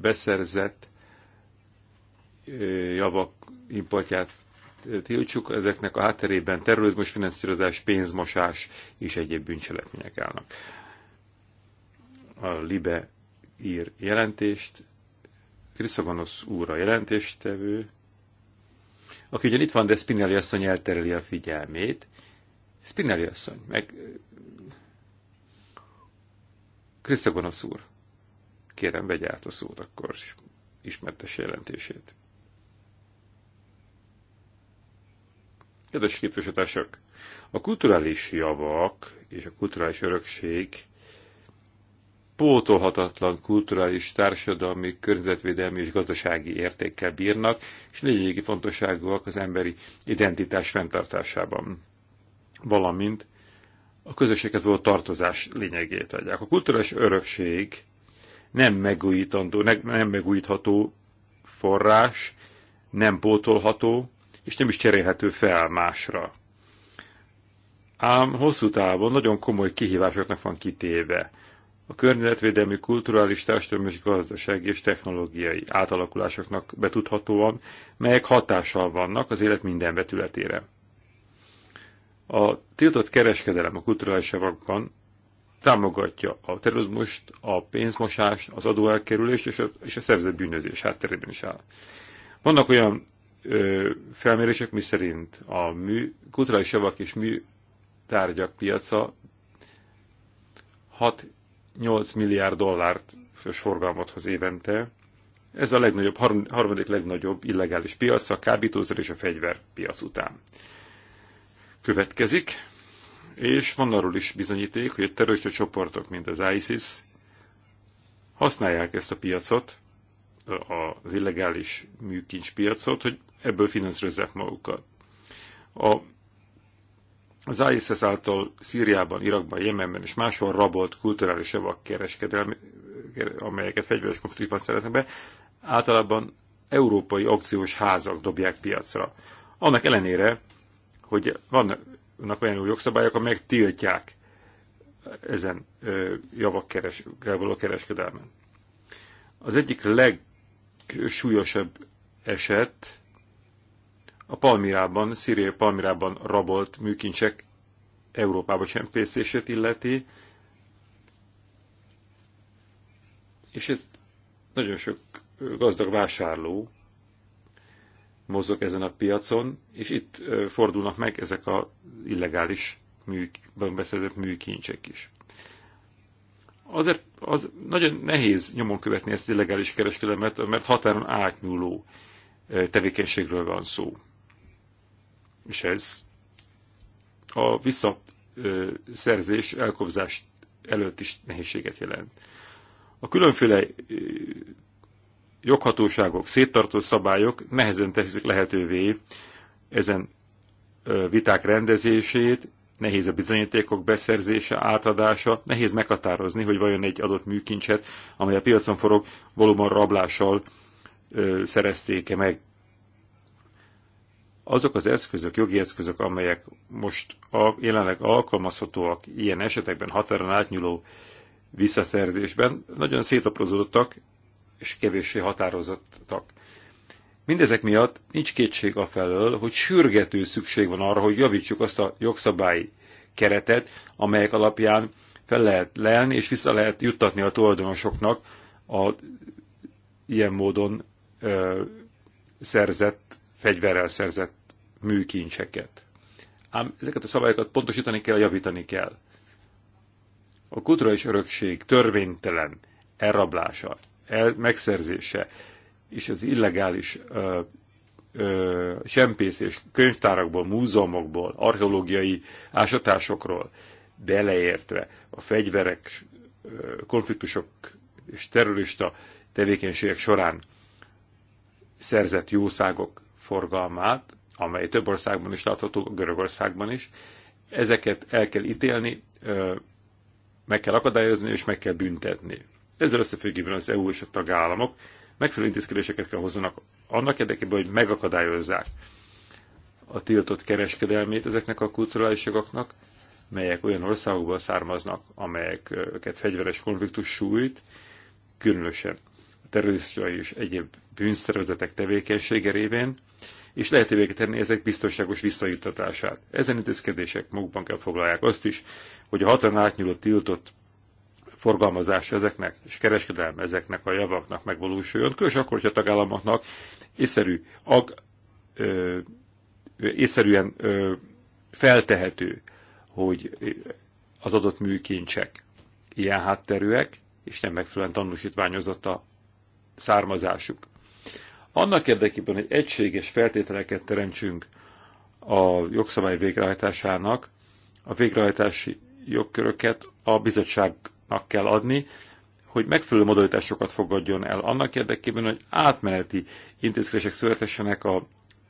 Speaker 2: beszerzett javak importját tiltsuk, ezeknek a hátterében terrorizmus, finanszírozás, pénzmosás és egyéb bűncselekmények állnak. A Libe ír jelentést, Kriszogonosz úr a jelentéstevő, aki ugyan itt van, de Spinelli asszony eltereli a figyelmét. Spinelli asszony, meg Kriszagonosz úr, kérem, vegye át a szót akkor, ismertes jelentését. Kedves képviselőtársak, a kulturális javak és a kulturális örökség pótolhatatlan kulturális, társadalmi, környezetvédelmi és gazdasági értékkel bírnak, és lényegi fontosságúak az emberi identitás fenntartásában. Valamint a közösséghez való tartozás lényegét adják. A kulturális örökség nem megújítandó, nem megújítható forrás, nem pótolható, és nem is cserélhető fel másra. Ám hosszú távon nagyon komoly kihívásoknak van kitéve. A környezetvédelmi, kulturális, társadalmi és gazdasági és technológiai átalakulásoknak betudhatóan, melyek hatással vannak az élet minden vetületére. A tiltott kereskedelem a kulturális javakban támogatja a terrorizmust, a pénzmosást, az adóelkerülést és a, és a szerzett bűnözés hátterében is áll. Vannak olyan ö, felmérések, miszerint a mű, kulturális javak és műtárgyak piaca 6-8 milliárd dollárt forgalmat hoz évente. Ez a legnagyobb, harmadik legnagyobb illegális piac, a kábítószer és a fegyver piac után következik, és van arról is bizonyíték, hogy a terrorista csoportok, mint az ISIS, használják ezt a piacot, az illegális piacot, hogy ebből finanszírozzák magukat. A, az ISIS által Szíriában, Irakban, Jemenben és máshol rabolt kulturális javak kereskedelmi, amelyeket fegyveres konfliktusban szeretnek be, általában európai akciós házak dobják piacra. Annak ellenére, hogy vannak olyan új jogszabályok, amelyek tiltják ezen javak keres, való kereskedelmen. Az egyik legsúlyosabb eset a Palmirában, Szíria Palmirában rabolt műkincsek Európába csempészését illeti, és ezt nagyon sok gazdag vásárló mozog ezen a piacon, és itt fordulnak meg ezek a illegális mű, beszerzett műkincsek is. Azért az nagyon nehéz nyomon követni ezt illegális kereskedelmet, mert határon átnyúló tevékenységről van szó. És ez a visszaszerzés, elkobzás előtt is nehézséget jelent. A különféle joghatóságok, széttartó szabályok nehezen teszik lehetővé ezen viták rendezését, nehéz a bizonyítékok beszerzése, átadása, nehéz meghatározni, hogy vajon egy adott műkincset, amely a piacon forog, valóban rablással ö, szerezték-e meg. Azok az eszközök, jogi eszközök, amelyek most jelenleg alkalmazhatóak ilyen esetekben határon átnyúló visszaszerzésben, nagyon szétaprozódottak, és kevéssé határozottak. Mindezek miatt nincs kétség a felől, hogy sürgető szükség van arra, hogy javítsuk azt a jogszabályi keretet, amelyek alapján fel lehet lelni, és vissza lehet juttatni a tulajdonosoknak a ilyen módon ö, szerzett, fegyverrel szerzett műkincseket. Ám ezeket a szabályokat pontosítani kell, javítani kell. A kulturális örökség törvénytelen elrablása el, megszerzése és az illegális ö, ö, sempészés könyvtárakból, múzeumokból, archeológiai ásatásokról, de eleértve a fegyverek, ö, konfliktusok és terrorista tevékenységek során szerzett jószágok forgalmát, amely több országban is látható, Görögországban is, ezeket el kell ítélni, meg kell akadályozni és meg kell büntetni. Ezzel összefüggében az EU és a tagállamok megfelelő intézkedéseket kell hozzanak annak érdekében, hogy megakadályozzák a tiltott kereskedelmét ezeknek a kulturális jogoknak, melyek olyan országokból származnak, amelyeket fegyveres konfliktus sújt, különösen a terrorista és egyéb bűnszervezetek tevékenysége révén, és lehetővé kell tenni ezek biztonságos visszajuttatását. Ezen intézkedések magukban kell foglalják azt is, hogy a határon átnyúló tiltott forgalmazása ezeknek és kereskedelme ezeknek a javaknak megvalósuljon, különösen akkor, hogy a tagállamoknak észszerű, ag, ö, észszerűen ö, feltehető, hogy az adott műkincsek ilyen hátterűek, és nem megfelelően tanúsítványozott a származásuk. Annak érdekében, hogy egységes feltételeket teremtsünk a jogszabály végrehajtásának, a végrehajtási jogköröket a bizottság kell adni, hogy megfelelő modalitásokat fogadjon el annak érdekében, hogy átmeneti intézkedések születessenek a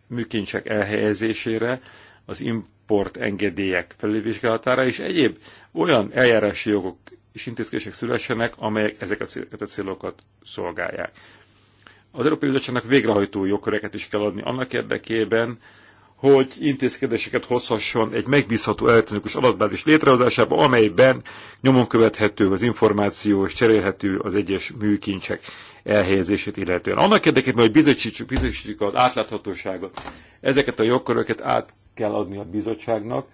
Speaker 2: műkincsek elhelyezésére, az import engedélyek felülvizsgálatára és egyéb olyan eljárási jogok és intézkedések szülessenek, amelyek ezeket a célokat szolgálják. Az Európai Bizottságnak végrehajtó jogköreket is kell adni annak érdekében, hogy intézkedéseket hozhasson egy megbízható elektronikus adatbázis létrehozásába, amelyben nyomon követhető az információ és cserélhető az egyes műkincsek elhelyezését illetően. Annak érdekében, hogy bizonyítsuk, bizonyítsuk az átláthatóságot, ezeket a jogköröket át kell adni a bizottságnak,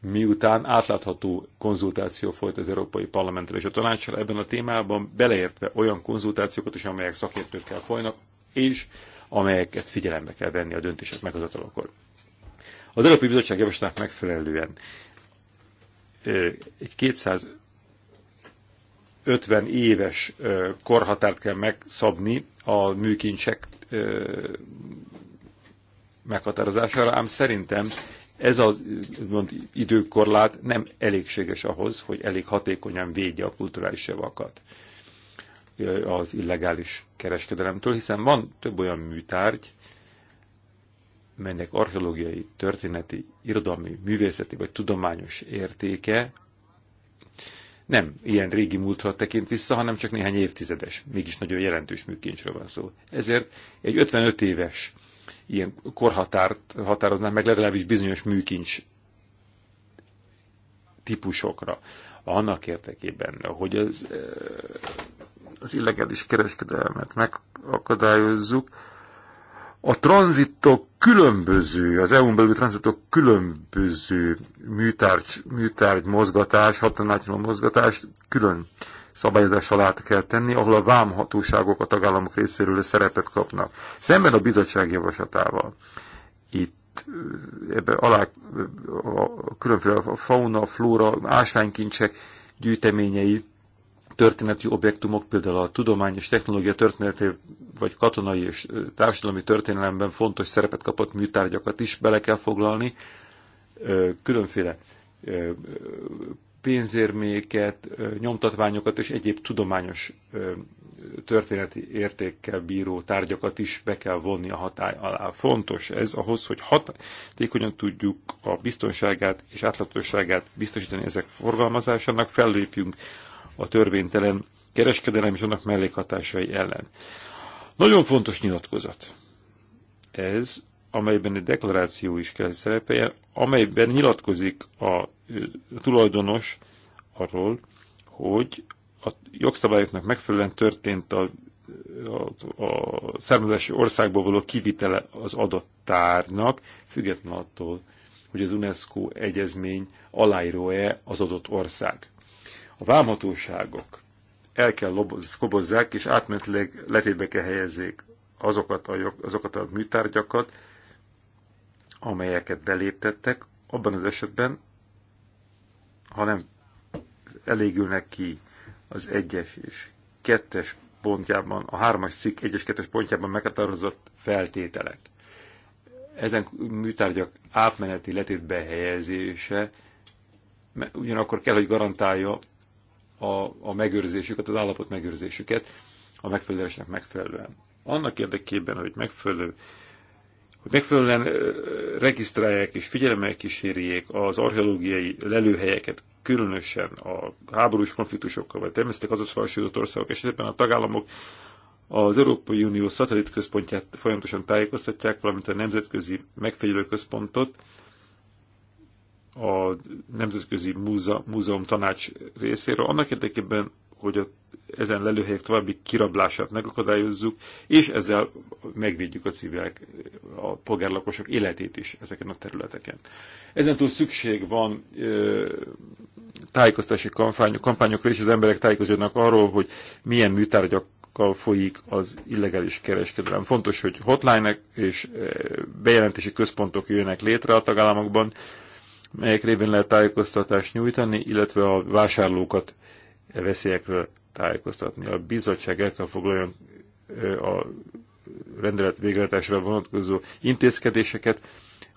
Speaker 2: miután átlátható konzultáció folyt az Európai Parlamenttel és a tanácssal ebben a témában, beleértve olyan konzultációkat is, amelyek szakértőkkel folynak, és amelyeket figyelembe kell venni a döntések meghozatalakor. Az Európai Bizottság javaslatának megfelelően egy 250 éves korhatárt kell megszabni a műkincsek meghatározására, ám szerintem ez az mond, időkorlát nem elégséges ahhoz, hogy elég hatékonyan védje a kulturális javakat az illegális kereskedelemtől, hiszen van több olyan műtárgy, melynek archeológiai, történeti, irodalmi, művészeti vagy tudományos értéke nem ilyen régi múltra tekint vissza, hanem csak néhány évtizedes, mégis nagyon jelentős műkincsről van szó. Ezért egy 55 éves ilyen korhatárt határoznám meg legalábbis bizonyos műkincs típusokra. Annak érdekében, hogy az, eh, az illegális kereskedelmet megakadályozzuk, a tranzitok különböző, az EU-n belül tranzitok különböző műtárgy, műtárgy mozgatás, hatonátnyoló mozgatás külön szabályozás alá kell tenni, ahol a vámhatóságok a tagállamok részéről szerepet kapnak. Szemben a bizottság javaslatával. Itt ebbe alá a különféle fauna, flóra, ásványkincsek gyűjteményei történeti objektumok, például a tudomány és technológia története vagy katonai és társadalmi történelemben fontos szerepet kapott műtárgyakat is bele kell foglalni, különféle pénzérméket, nyomtatványokat és egyéb tudományos történeti értékkel bíró tárgyakat is be kell vonni a hatály alá. Fontos ez ahhoz, hogy hatékonyan tudjuk a biztonságát és átláthatóságát biztosítani ezek forgalmazásának, fellépjünk a törvénytelen kereskedelem és annak mellékhatásai ellen. Nagyon fontos nyilatkozat. Ez, amelyben egy deklaráció is kell szerepeljen, amelyben nyilatkozik a tulajdonos arról, hogy a jogszabályoknak megfelelően történt a, a, a származási országból való kivitele az adott tárnak, független attól, hogy az UNESCO egyezmény aláíró-e az adott ország. A vámhatóságok el kell kobozzák, és átmentleg letétbe kell helyezzék azokat a, azokat a műtárgyakat, amelyeket beléptettek, abban az esetben, ha nem elégülnek ki az egyes és kettes pontjában, a hármas szik egyes kettes pontjában meghatározott feltételek. Ezen műtárgyak átmeneti letétbe helyezése ugyanakkor kell, hogy garantálja a, a megőrzésüket, az állapot megőrzésüket a megfelelésnek megfelelően. Annak érdekében, hogy megfelelő hogy megfelelően regisztrálják és figyelemmel kísérjék az archeológiai lelőhelyeket, különösen a háborús konfliktusokkal, vagy természetesen az felsődött országok esetében a tagállamok az Európai Unió szatellit központját folyamatosan tájékoztatják, valamint a Nemzetközi Megfigyelő Központot, a Nemzetközi Múza, Múzeum Tanács részéről, annak érdekében, hogy a, ezen lelőhelyek további kirablását megakadályozzuk, és ezzel megvédjük a civilek, a polgárlakosok életét is ezeken a területeken. Ezen túl szükség van e, tájékoztási kampányok, kampányokra, és az emberek tájékozódnak arról, hogy milyen műtárgyak folyik az illegális kereskedelem. Fontos, hogy hotline és bejelentési központok jönnek létre a tagállamokban, melyek révén lehet tájékoztatást nyújtani, illetve a vásárlókat veszélyekről tájékoztatni. A bizottság el kell foglaljon a rendelet végrehajtásra vonatkozó intézkedéseket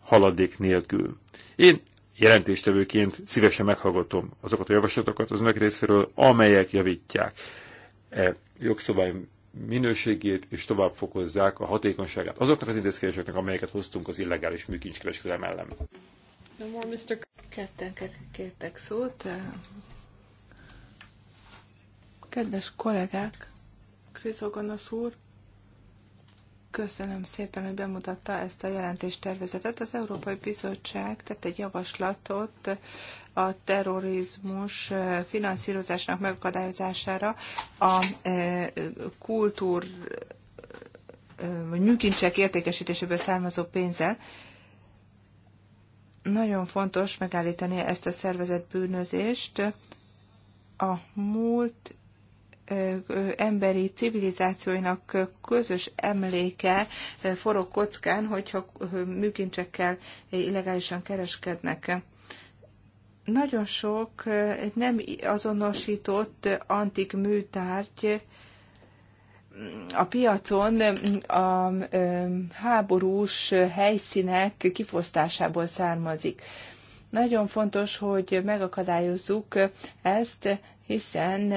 Speaker 2: haladék nélkül. Én jelentéstevőként szívesen meghallgatom azokat a javaslatokat az önök részéről, amelyek javítják e jogszabály minőségét és tovább fokozzák a hatékonyságát azoknak az intézkedéseknek, amelyeket hoztunk az illegális műkincskereskedelem ellen.
Speaker 3: No more Mr. Ketten kértek szót. Kedves kollégák, Kriszogonosz úr, Köszönöm szépen, hogy bemutatta ezt a jelentéstervezetet. Az Európai Bizottság tett egy javaslatot a terrorizmus finanszírozásnak megakadályozására a e, kultúr e, vagy műkincsek értékesítéséből származó pénzzel. Nagyon fontos megállítani ezt a szervezet bűnözést. A múlt emberi civilizációinak közös emléke forog kockán, hogyha műkincsekkel illegálisan kereskednek. Nagyon sok nem azonosított antik műtárgy a piacon a háborús helyszínek kifosztásából származik. Nagyon fontos, hogy megakadályozzuk ezt, hiszen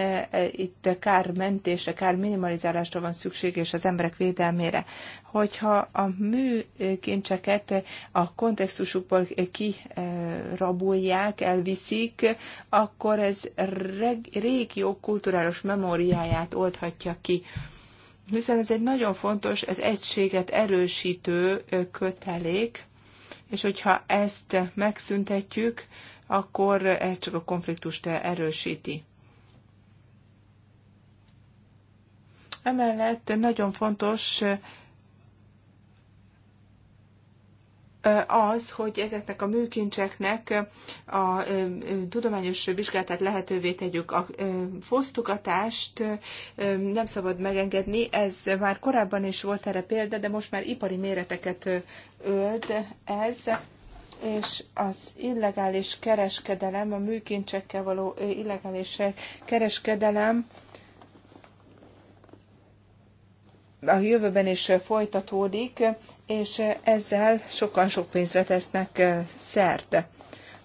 Speaker 3: itt mentése, kár minimalizálásra van szükség, és az emberek védelmére. Hogyha a műkincseket a kontextusukból kirabolják, elviszik, akkor ez régió kulturális memóriáját oldhatja ki hiszen ez egy nagyon fontos, ez egységet erősítő kötelék, és hogyha ezt megszüntetjük, akkor ez csak a konfliktust erősíti. Emellett nagyon fontos az, hogy ezeknek a műkincseknek a tudományos vizsgálatát lehetővé tegyük. A fosztogatást nem szabad megengedni, ez már korábban is volt erre példa, de most már ipari méreteket ölt ez, és az illegális kereskedelem, a műkincsekkel való illegális kereskedelem a jövőben is folytatódik, és ezzel sokan sok pénzre tesznek eh, szerte.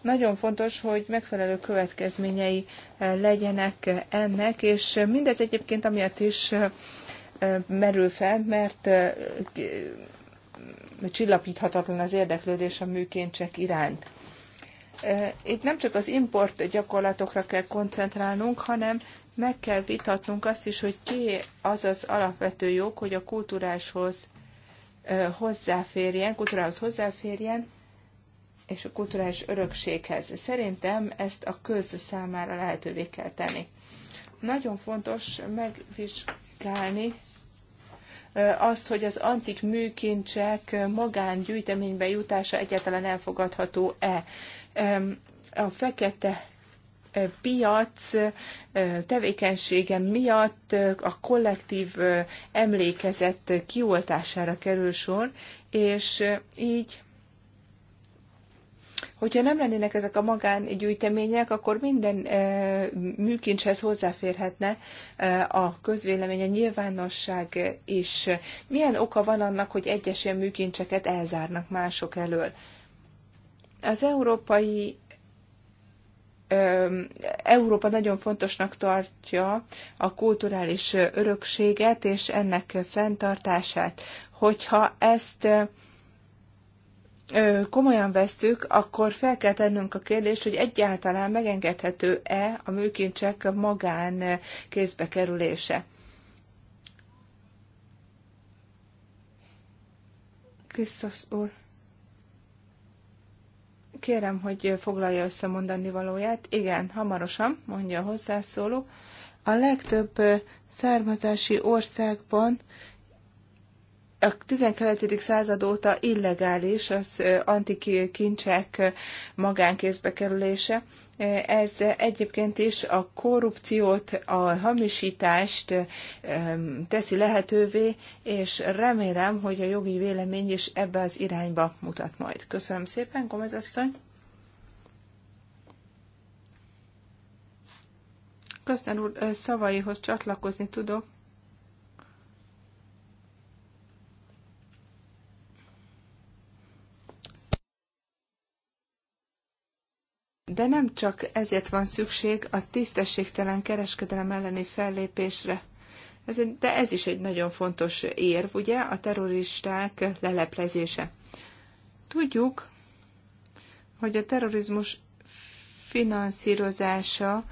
Speaker 3: Nagyon fontos, hogy megfelelő következményei eh, legyenek eh, ennek, és mindez egyébként amiatt is merül fel, mert csillapíthatatlan az érdeklődés a műkéncsek iránt. Itt nem csak az import gyakorlatokra kell koncentrálnunk, hanem meg kell vitatnunk azt is, hogy ki az az alapvető jog, hogy a kultúráshoz hozzáférjen, kultúrához hozzáférjen, és a kulturális örökséghez. Szerintem ezt a köz számára lehetővé kell tenni. Nagyon fontos megvizsgálni azt, hogy az antik műkincsek magángyűjteménybe jutása egyáltalán elfogadható-e. A fekete piac tevékenysége miatt a kollektív emlékezet kioltására kerül sor, és így Hogyha nem lennének ezek a magángyűjtemények, akkor minden e, műkincshez hozzáférhetne e, a közvélemény, a nyilvánosság is. Milyen oka van annak, hogy egyes ilyen műkincseket elzárnak mások elől? Az európai Európa nagyon fontosnak tartja a kulturális örökséget és ennek fenntartását. Hogyha ezt komolyan vesszük, akkor fel kell tennünk a kérdést, hogy egyáltalán megengedhető-e a műkincsek magán kézbe kerülése. Krisztus úr. Kérem, hogy foglalja össze mondani valóját. Igen, hamarosan, mondja a hozzászóló. A legtöbb származási országban a 19. század óta illegális az antik kincsek magánkézbe kerülése. Ez egyébként is a korrupciót, a hamisítást teszi lehetővé, és remélem, hogy a jogi vélemény is ebbe az irányba mutat majd. Köszönöm szépen, Gomez asszony! Köszönöm úr, szavaihoz csatlakozni tudok. De nem csak ezért van szükség a tisztességtelen kereskedelem elleni fellépésre. Ez, de ez is egy nagyon fontos érv, ugye, a terroristák leleplezése. Tudjuk, hogy a terrorizmus finanszírozása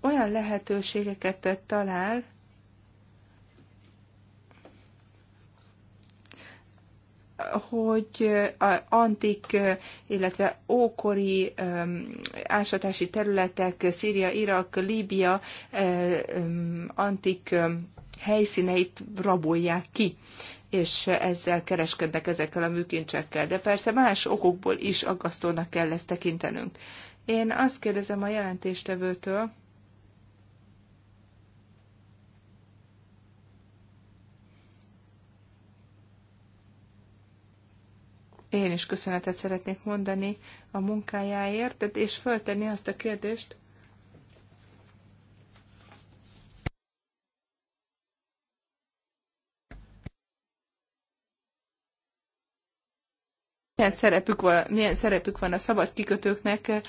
Speaker 3: olyan lehetőségeket talál, hogy antik, illetve ókori ásatási területek, Szíria, Irak, Líbia antik helyszíneit rabolják ki, és ezzel kereskednek ezekkel a műkincsekkel. De persze más okokból is aggasztónak kell ezt tekintenünk. Én azt kérdezem a jelentéstevőtől, Én is köszönetet szeretnék mondani a munkájáért, és föltenni azt a kérdést, milyen szerepük van, milyen szerepük van a szabad kikötőknek eh,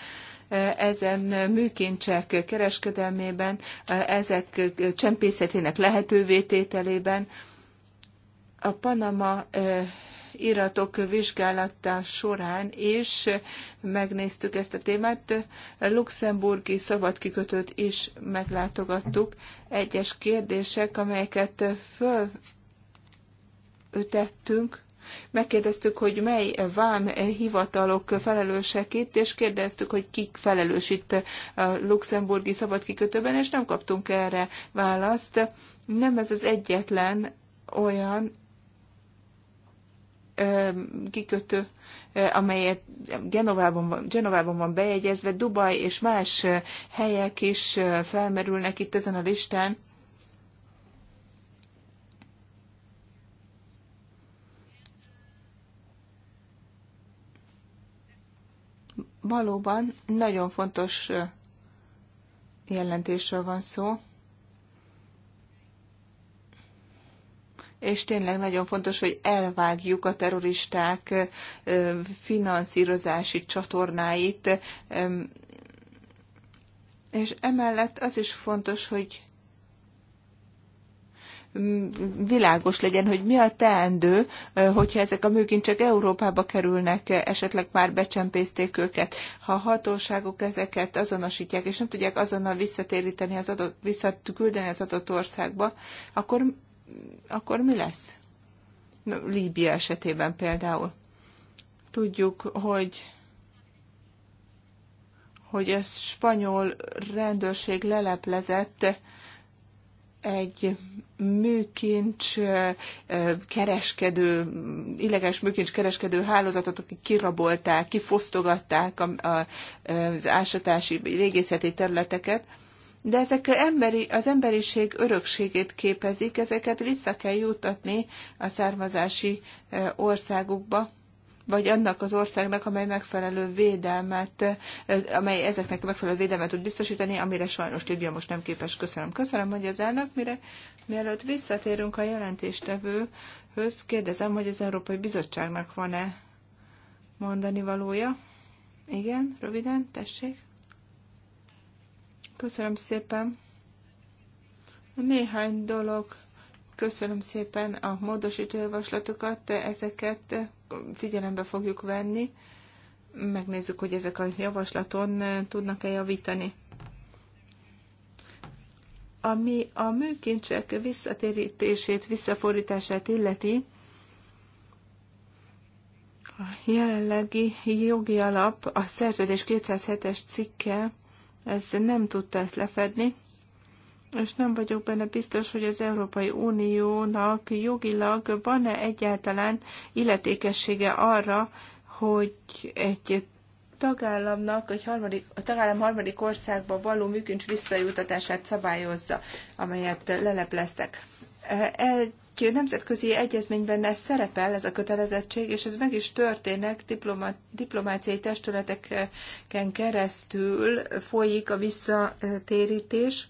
Speaker 3: ezen műkincsek kereskedelmében, eh, ezek csempészetének lehetővé tételében. A Panama eh, iratok vizsgálata során is megnéztük ezt a témát. Luxemburgi szabadkikötőt is meglátogattuk. Egyes kérdések, amelyeket fölötettünk, Megkérdeztük, hogy mely vám hivatalok felelősek itt, és kérdeztük, hogy kik felelős itt a luxemburgi szabadkikötőben, és nem kaptunk erre választ. Nem ez az egyetlen olyan kikötő, amelyet Genovában van, Genovában van bejegyezve, Dubaj és más helyek is felmerülnek itt ezen a listán. Valóban nagyon fontos jelentésről van szó. és tényleg nagyon fontos, hogy elvágjuk a terroristák finanszírozási csatornáit, és emellett az is fontos, hogy világos legyen, hogy mi a teendő, hogyha ezek a műkincsek Európába kerülnek, esetleg már becsempészték őket. Ha a hatóságok ezeket azonosítják, és nem tudják azonnal visszatéríteni az adott, visszaküldeni az adott országba, akkor akkor mi lesz? Líbia esetében például. Tudjuk, hogy hogy a spanyol rendőrség leleplezett egy műkincs kereskedő, illegális műkincs kereskedő hálózatot, akik kirabolták, kifosztogatták az ásatási régészeti területeket, de ezek emberi, az emberiség örökségét képezik, ezeket vissza kell jutatni a származási e, országukba, vagy annak az országnak, amely megfelelő védelmet, e, amely ezeknek megfelelő védelmet tud biztosítani, amire sajnos Libya most nem képes. Köszönöm. Köszönöm, hogy az elnök, mire, mielőtt visszatérünk a jelentéstevőhöz, kérdezem, hogy az Európai Bizottságnak van-e mondani valója? Igen, röviden, tessék. Köszönöm szépen. Néhány dolog. Köszönöm szépen a módosító javaslatokat, ezeket figyelembe fogjuk venni. Megnézzük, hogy ezek a javaslaton tudnak-e javítani. Ami a műkincsek visszatérítését, visszafordítását illeti, a jelenlegi jogi alap a szerződés 207-es cikke ez nem tudta ezt lefedni, és nem vagyok benne biztos, hogy az Európai Uniónak jogilag van-e egyáltalán illetékessége arra, hogy egy tagállamnak, egy harmadik, a tagállam harmadik országba való műkincs visszajutatását szabályozza, amelyet lelepleztek. Egy egy nemzetközi egyezményben ez szerepel, ez a kötelezettség, és ez meg is történik, diploma, diplomáciai testületeken keresztül folyik a visszatérítés.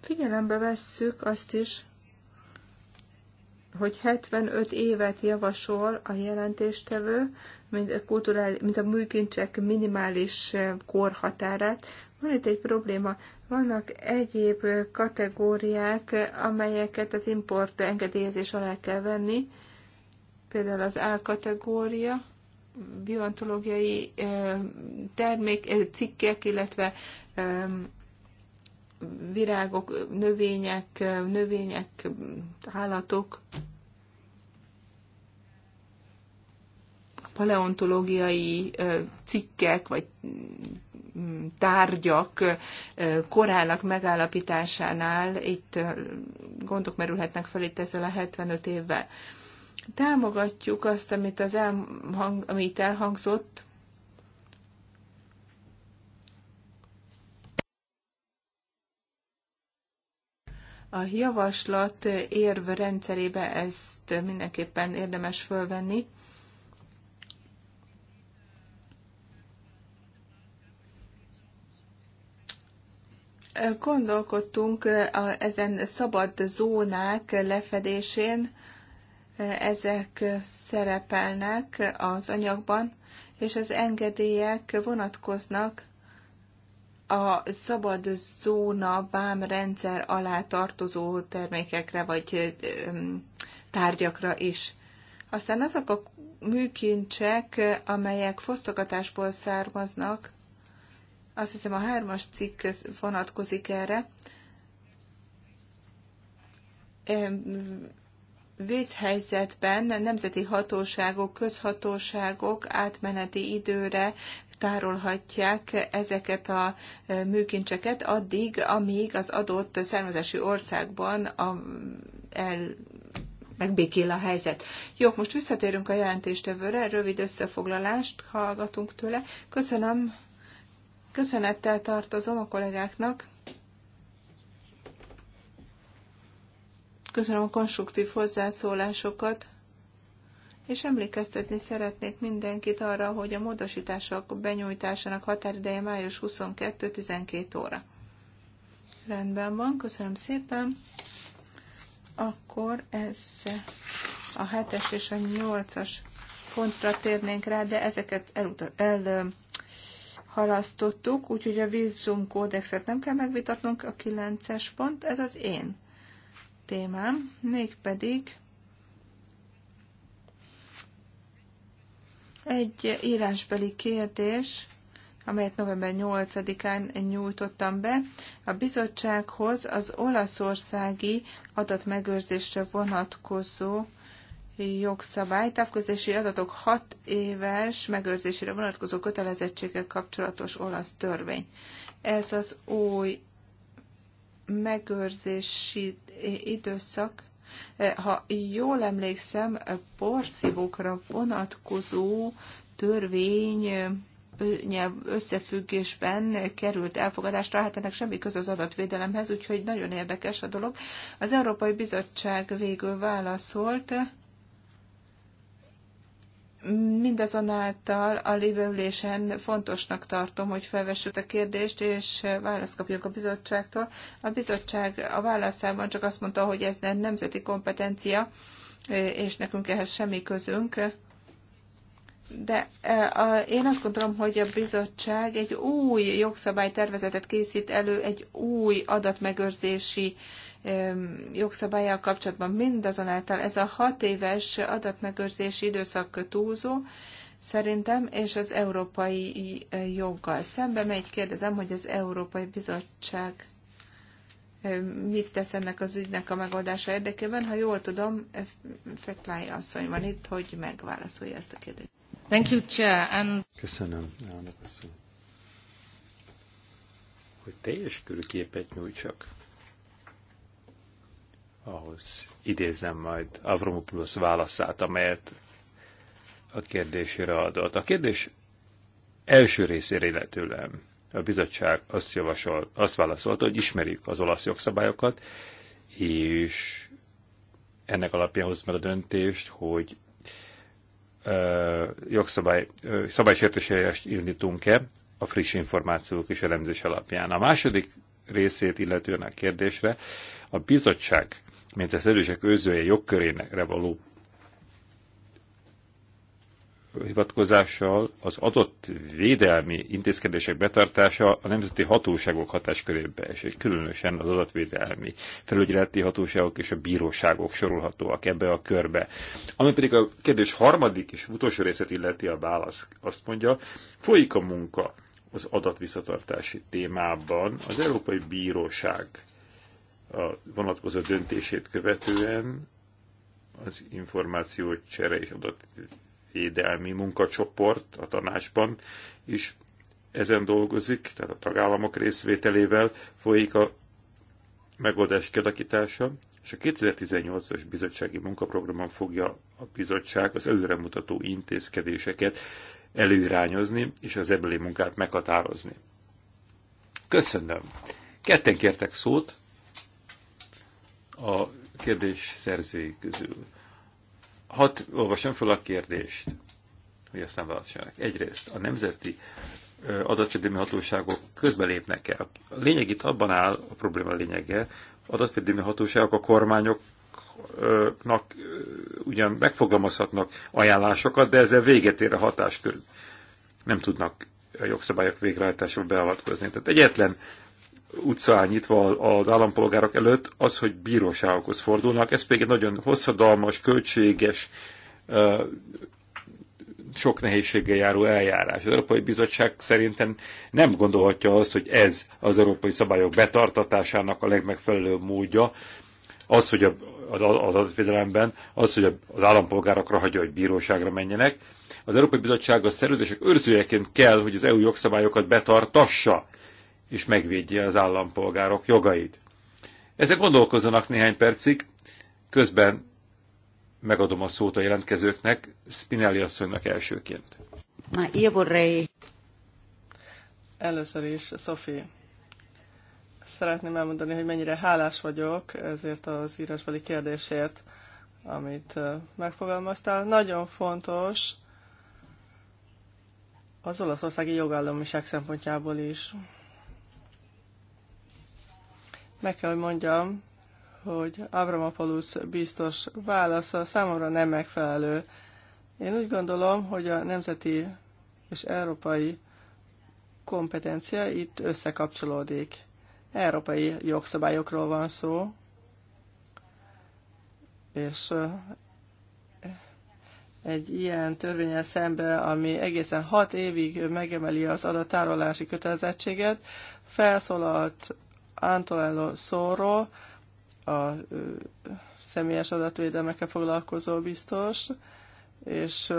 Speaker 3: Figyelembe vesszük azt is, hogy 75 évet javasol a jelentéstevő, mint a, kulturál, mint a műkincsek minimális korhatárát. Van itt egy probléma. Vannak egyéb kategóriák, amelyeket az import engedélyezés alá kell venni, például az A kategória, biontológiai termék, cikkek, illetve virágok, növények, növények, állatok, paleontológiai cikkek, vagy tárgyak korának megállapításánál itt gondok merülhetnek fel itt ezzel a 75 évvel. Támogatjuk azt, amit, az elhang, amit elhangzott, a javaslat érv rendszerébe ezt mindenképpen érdemes fölvenni. Gondolkodtunk ezen szabad zónák lefedésén, ezek szerepelnek az anyagban, és az engedélyek vonatkoznak a szabad zóna vámrendszer alá tartozó termékekre vagy tárgyakra is. Aztán azok a műkincsek, amelyek fosztogatásból származnak, azt hiszem a hármas cikk vonatkozik erre. Vészhelyzetben nemzeti hatóságok, közhatóságok átmeneti időre tárolhatják ezeket a e, műkincseket addig, amíg az adott származási országban a, el, megbékél a helyzet. Jó, most visszatérünk a jelentéstevőre, rövid összefoglalást hallgatunk tőle. Köszönöm Köszönettel tartozom a kollégáknak. Köszönöm a konstruktív hozzászólásokat, és emlékeztetni szeretnék mindenkit arra, hogy a módosítások benyújtásának határideje május 22-12 óra. Rendben van, köszönöm szépen. Akkor ez a 7-es és a 8-as pontra térnénk rá, de ezeket elutat, el, halasztottuk, úgyhogy a vízumkódexet nem kell megvitatnunk, a 9-es pont, ez az én témám, mégpedig egy írásbeli kérdés, amelyet november 8-án nyújtottam be, a bizottsághoz az olaszországi adatmegőrzésre vonatkozó jogszabályt, távközlési adatok 6 éves megőrzésére vonatkozó kötelezettséggel kapcsolatos olasz törvény. Ez az új megőrzési időszak, eh, ha jól emlékszem, porszívókra vonatkozó törvény eh, összefüggésben került elfogadásra, hát ennek semmi köz az adatvédelemhez, úgyhogy nagyon érdekes a dolog. Az Európai Bizottság végül válaszolt, Mindazonáltal a lévőülésen fontosnak tartom, hogy felvessük a kérdést, és választ kapjuk a bizottságtól. A bizottság a válaszában csak azt mondta, hogy ez nem nemzeti kompetencia, és nekünk ehhez semmi közünk. De e, én azt gondolom, hogy a bizottság egy új jogszabálytervezetet készít elő, egy új adatmegőrzési jogszabályjal kapcsolatban. Mindazonáltal ez a hat éves adatmegőrzési időszak túlzó, szerintem, és az európai joggal szembe megy. Kérdezem, hogy az Európai Bizottság mit tesz ennek az ügynek a megoldása érdekében. Ha jól tudom, Fekvály asszony van itt, hogy megválaszolja ezt a kérdést.
Speaker 2: Thank you, Chair. And... Köszönöm, elnök asszony. Hogy teljes körű képet nyújtsak ahhoz idézem majd Avromopoulos válaszát, amelyet a kérdésére adott. A kérdés első részére illetően a bizottság azt, javasol, azt válaszolta, hogy ismerjük az olasz jogszabályokat, és ennek alapján hoz meg a döntést, hogy jogszabály, ö, indítunk-e a friss információk és elemzés alapján. A második részét illetően a kérdésre a bizottság mint az erősek őzője jogkörénekre való hivatkozással az adott védelmi intézkedések betartása a nemzeti hatóságok hatáskörébe esik, különösen az adatvédelmi felügyeleti hatóságok és a bíróságok sorolhatóak ebbe a körbe. Ami pedig a kérdés harmadik és utolsó részét illeti a válasz, azt mondja, folyik a munka az adatvisszatartási témában az Európai Bíróság a vonatkozó döntését követően az információ csere és adatvédelmi munkacsoport a tanácsban is ezen dolgozik, tehát a tagállamok részvételével folyik a megoldás kialakítása, és a 2018-as bizottsági munkaprogramon fogja a bizottság az előremutató intézkedéseket előirányozni, és az ebbeli munkát meghatározni. Köszönöm! Ketten kértek szót, a kérdés szerzői közül. Hat, olvasom fel a kérdést, hogy aztán válaszoljanak. Egyrészt a nemzeti adatvédelmi hatóságok közbelépnek el. A lényeg itt abban áll, a probléma lényege, adatvédelmi hatóságok a kormányoknak ugyan megfogalmazhatnak ajánlásokat, de ezzel véget ér a hatáskör. Nem tudnak a jogszabályok végrehajtásról beavatkozni. Tehát egyetlen áll nyitva az állampolgárok előtt az, hogy bíróságokhoz fordulnak. Ez pedig egy nagyon hosszadalmas, költséges, sok nehézséggel járó eljárás. Az Európai Bizottság szerintem nem gondolhatja azt, hogy ez az európai szabályok betartatásának a legmegfelelőbb módja, az, hogy a, az adatvédelemben, az, hogy az állampolgárokra hagyja, hogy bíróságra menjenek. Az Európai Bizottság a szerződések őrzőjeként kell, hogy az EU jogszabályokat betartassa és megvédje az állampolgárok jogait. Ezek gondolkozzanak néhány percig, közben megadom a szót a jelentkezőknek, Spinelli asszonynak elsőként.
Speaker 1: Ma io vorrei... Először is, Szofi, szeretném elmondani, hogy mennyire hálás vagyok ezért az írásbeli kérdésért, amit megfogalmaztál. Nagyon fontos az olaszországi jogállamiság szempontjából is. Meg kell, hogy mondjam, hogy Abramopoulos biztos válasza számomra nem megfelelő. Én úgy gondolom, hogy a nemzeti és európai kompetencia itt összekapcsolódik. Európai jogszabályokról van szó, és eh, egy ilyen törvényel szembe, ami egészen hat évig megemeli az adattárolási kötelezettséget, felszólalt Antonello Soro, a személyes adatvédelmekkel foglalkozó biztos, és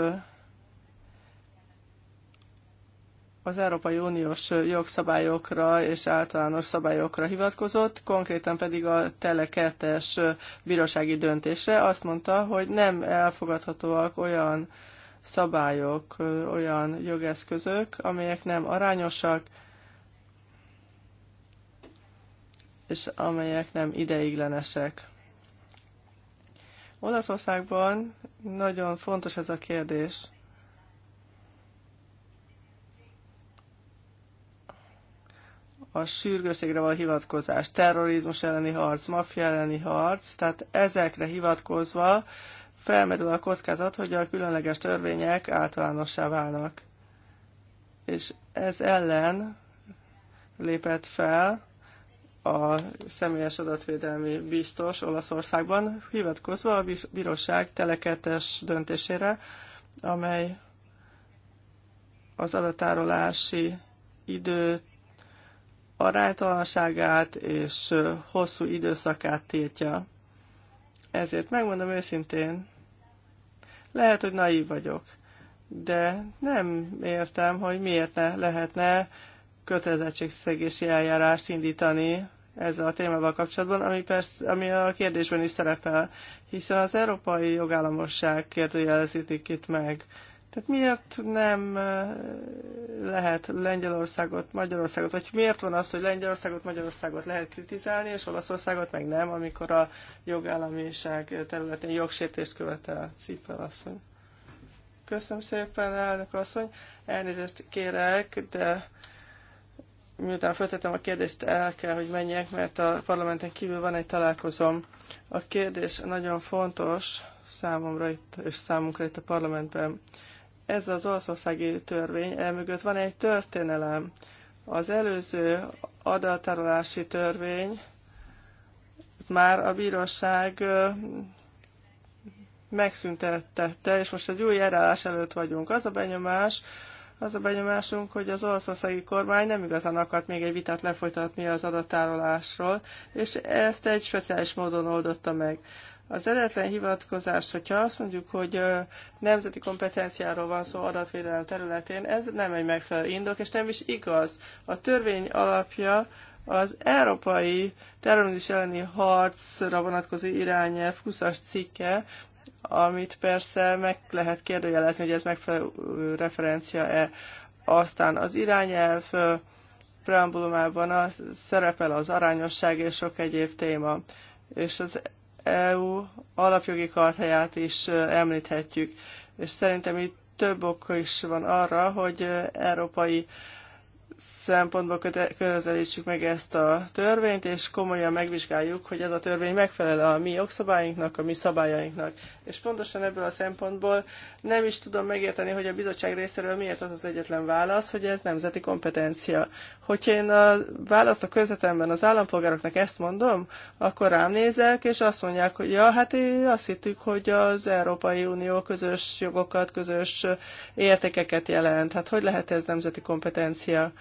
Speaker 1: az Európai Uniós jogszabályokra és általános szabályokra hivatkozott, konkrétan pedig a telekettes bírósági döntésre azt mondta, hogy nem elfogadhatóak olyan szabályok, olyan jogeszközök, amelyek nem arányosak, és amelyek nem ideiglenesek. Olaszországban nagyon fontos ez a kérdés. a sürgőségre való hivatkozás, terrorizmus elleni harc, maffia elleni harc, tehát ezekre hivatkozva felmerül a kockázat, hogy a különleges törvények általánossá válnak. És ez ellen lépett fel a személyes adatvédelmi biztos Olaszországban, hivatkozva a bíróság teleketes döntésére, amely az adatárolási idő aránytalanságát és hosszú időszakát tiltja. Ezért megmondom őszintén, lehet, hogy naív vagyok, de nem értem, hogy miért ne lehetne kötelezettségszegési eljárást indítani ezzel a témával kapcsolatban, ami, persze, ami a kérdésben is szerepel, hiszen az európai jogállamosság kérdőjelezítik itt meg. Tehát miért nem lehet Lengyelországot, Magyarországot, vagy miért van az, hogy Lengyelországot, Magyarországot lehet kritizálni, és Olaszországot meg nem, amikor a jogállamiság területén jogsértést követel Cipel asszony? Köszönöm szépen, elnök asszony. Elnézést kérek, de miután feltettem a kérdést, el kell, hogy menjek, mert a parlamenten kívül van egy találkozom. A kérdés nagyon fontos számomra itt, és számunkra itt a parlamentben. Ez az olaszországi törvény, elmögött van egy történelem. Az előző adatárolási törvény már a bíróság megszüntette, és most egy új erállás előtt vagyunk. Az a benyomás, az a benyomásunk, hogy az olaszországi kormány nem igazán akart még egy vitát lefolytatni az adattárolásról, és ezt egy speciális módon oldotta meg. Az eredetlen hivatkozás, hogyha azt mondjuk, hogy nemzeti kompetenciáról van szó adatvédelem területén, ez nem egy megfelelő indok, és nem is igaz. A törvény alapja az európai terrorizmus elleni harcra vonatkozó irányelv 20-as cikke amit persze meg lehet kérdőjelezni, hogy ez megfelelő referencia-e. Aztán az irányelv preambulumában az, szerepel az arányosság és sok egyéb téma. És az EU alapjogi kartáját is említhetjük. És szerintem itt több ok is van arra, hogy európai uh, szempontból közelítsük meg ezt a törvényt, és komolyan megvizsgáljuk, hogy ez a törvény megfelel a mi jogszabályainknak, a mi szabályainknak. És pontosan ebből a szempontból nem is tudom megérteni, hogy a bizottság részéről miért az az egyetlen válasz, hogy ez nemzeti kompetencia. Hogyha én a választ a közvetemben az állampolgároknak ezt mondom, akkor rám nézek, és azt mondják, hogy ja, hát azt hittük, hogy az Európai Unió közös jogokat, közös értékeket jelent. Hát hogy lehet ez nemzeti kompetencia?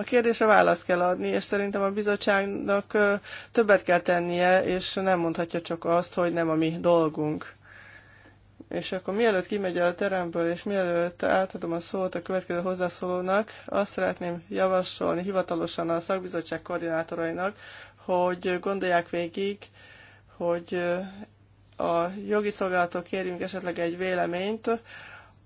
Speaker 1: A kérdésre választ kell adni, és szerintem a bizottságnak többet kell tennie, és nem mondhatja csak azt, hogy nem a mi dolgunk. És akkor mielőtt kimegy a teremből, és mielőtt átadom a szót a következő hozzászólónak, azt szeretném javasolni hivatalosan a szakbizottság koordinátorainak, hogy gondolják végig, hogy a jogi szolgálatok kérjünk esetleg egy véleményt,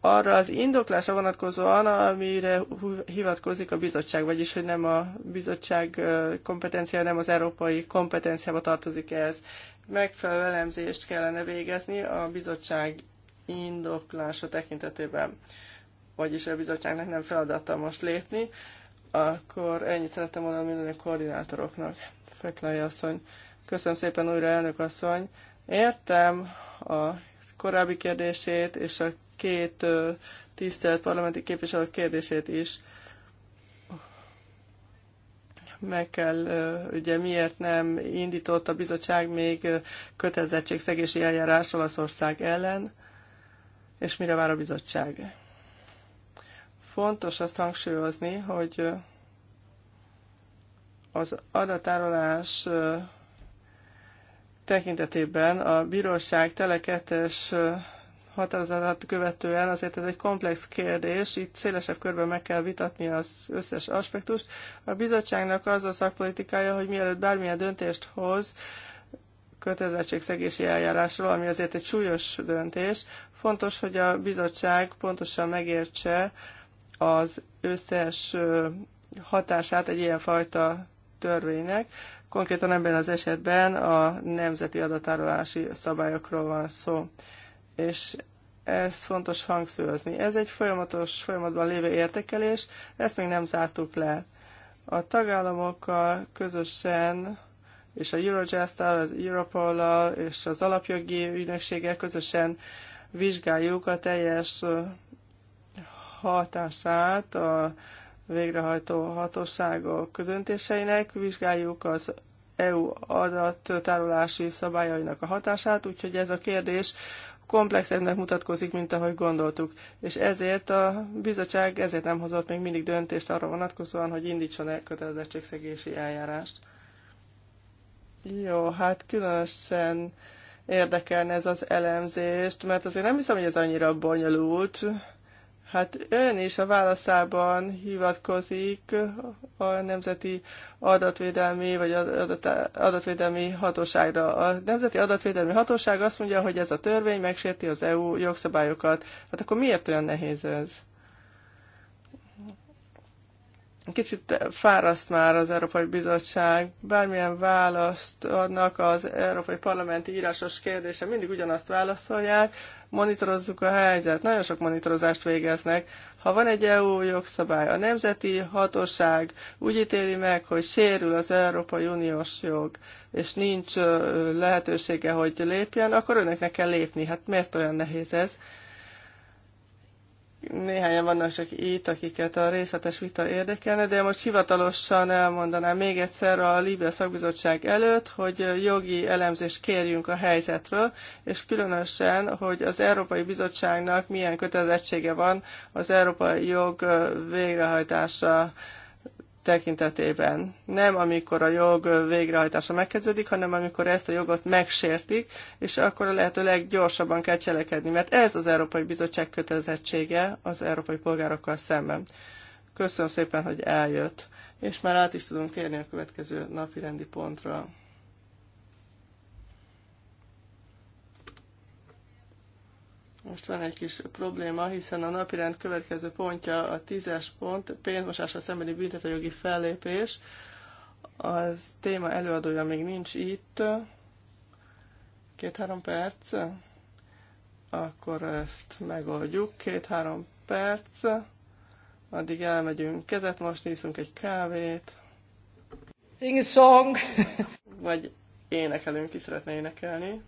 Speaker 1: arra az indoklásra vonatkozóan, amire hivatkozik a bizottság, vagyis hogy nem a bizottság kompetencia, nem az európai kompetenciába tartozik ez. Megfelelő elemzést kellene végezni a bizottság indoklása tekintetében, vagyis a bizottságnak nem feladata most lépni, akkor ennyit szerettem volna minden a koordinátoroknak. Feklai asszony, köszönöm szépen újra elnök asszony. Értem a korábbi kérdését és a két tisztelt parlamenti képviselő kérdését is. Meg kell, ugye miért nem indított a bizottság még kötelezettségszegési eljárás Olaszország ellen, és mire vár a bizottság? Fontos azt hangsúlyozni, hogy az adatárolás tekintetében a bíróság telekettes határozatát követően azért ez egy komplex kérdés, itt szélesebb körben meg kell vitatni az összes aspektust. A bizottságnak az a szakpolitikája, hogy mielőtt bármilyen döntést hoz, kötelezettségszegési eljárásról, ami azért egy súlyos döntés. Fontos, hogy a bizottság pontosan megértse az összes hatását egy ilyenfajta törvénynek. Konkrétan ebben az esetben a nemzeti adatárolási szabályokról van szó és ez fontos hangsúlyozni. Ez egy folyamatos folyamatban lévő értékelés, ezt még nem zártuk le. A tagállamokkal közösen és a eurojust az europol és az alapjogi ügynökséggel közösen vizsgáljuk a teljes hatását a végrehajtó hatóságok döntéseinek, vizsgáljuk az EU adattárolási szabályainak a hatását, úgyhogy ez a kérdés komplexebbnek mutatkozik, mint ahogy gondoltuk. És ezért a bizottság ezért nem hozott még mindig döntést arra vonatkozóan, hogy indítson el kötelezettségszegési eljárást. Jó, hát különösen érdekelne ez az elemzést, mert azért nem hiszem, hogy ez annyira bonyolult, Hát ön is a válaszában hivatkozik a Nemzeti Adatvédelmi vagy adat, Adatvédelmi Hatóságra. A Nemzeti Adatvédelmi Hatóság azt mondja, hogy ez a törvény megsérti az EU jogszabályokat. Hát akkor miért olyan nehéz ez? Kicsit fáraszt már az Európai Bizottság. Bármilyen választ adnak az Európai Parlamenti írásos kérdése, mindig ugyanazt válaszolják monitorozzuk a helyzet. Nagyon sok monitorozást végeznek. Ha van egy EU jogszabály, a nemzeti hatóság úgy ítéli meg, hogy sérül az Európai Uniós jog, és nincs lehetősége, hogy lépjen, akkor önöknek kell lépni. Hát miért olyan nehéz ez? Néhányan vannak csak itt, akiket a részletes vita érdekelne, de most hivatalosan elmondanám még egyszer a Líbia szakbizottság előtt, hogy jogi elemzést kérjünk a helyzetről, és különösen, hogy az Európai Bizottságnak milyen kötelezettsége van az európai jog végrehajtása tekintetében. Nem amikor a jog végrehajtása megkezdődik, hanem amikor ezt a jogot megsértik, és akkor a lehető leggyorsabban kell cselekedni, mert ez az Európai Bizottság kötelezettsége az európai polgárokkal szemben. Köszönöm szépen, hogy eljött, és már át is tudunk térni a következő napi rendi pontra. Most van egy kis probléma, hiszen a napirend következő pontja a tízes pont, pénzmosásra szembeni büntetőjogi fellépés. Az téma előadója még nincs itt. Két-három perc. Akkor ezt megoldjuk. Két-három perc. Addig elmegyünk kezet most, nézzünk egy kávét. Sing a song! Vagy énekelünk, ki szeretne énekelni.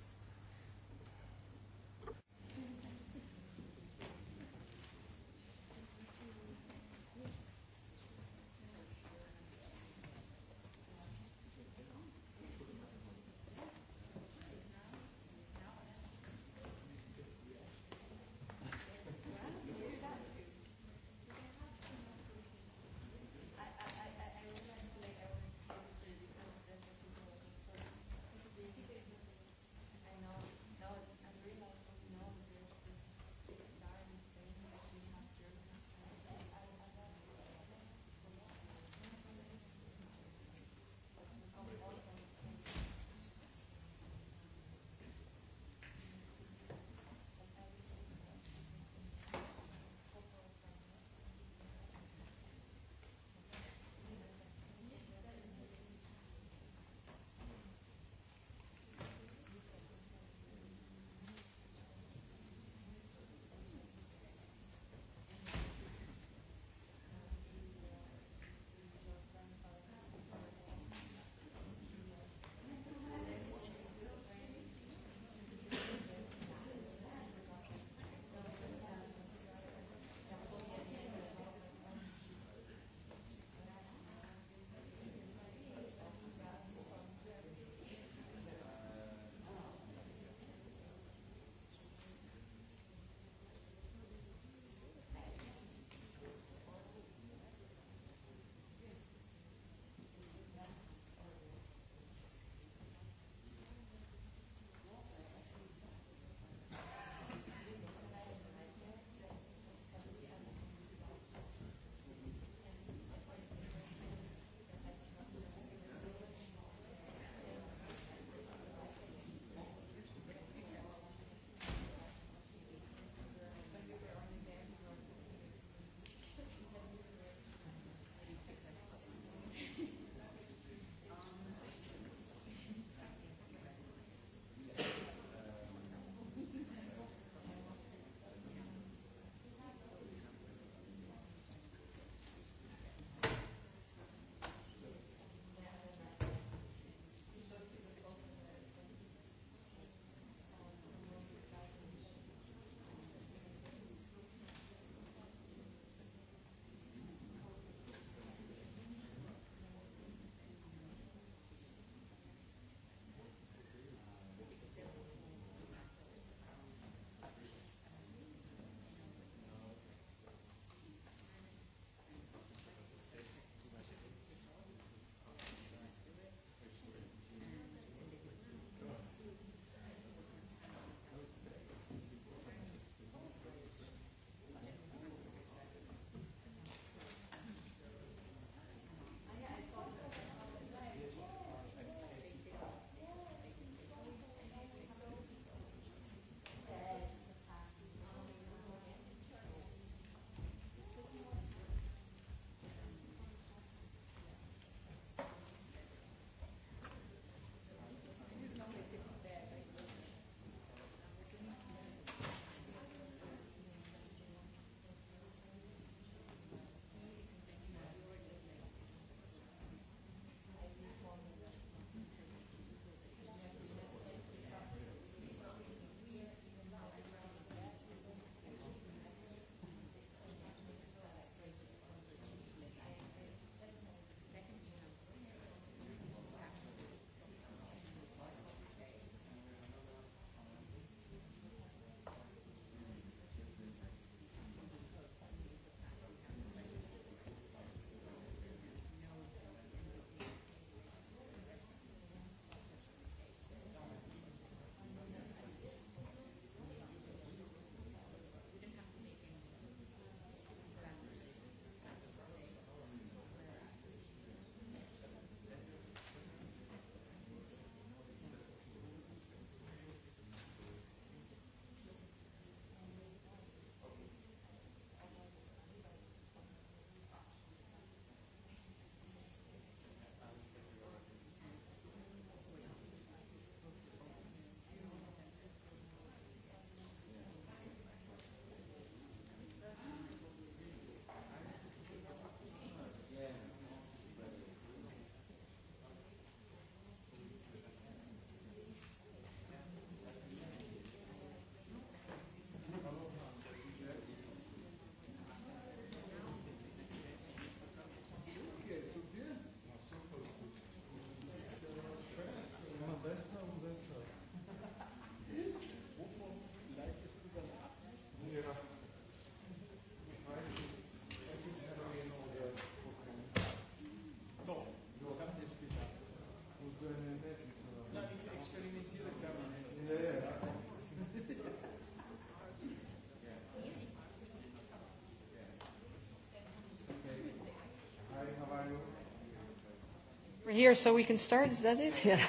Speaker 1: here so we can start, is that it? Yeah.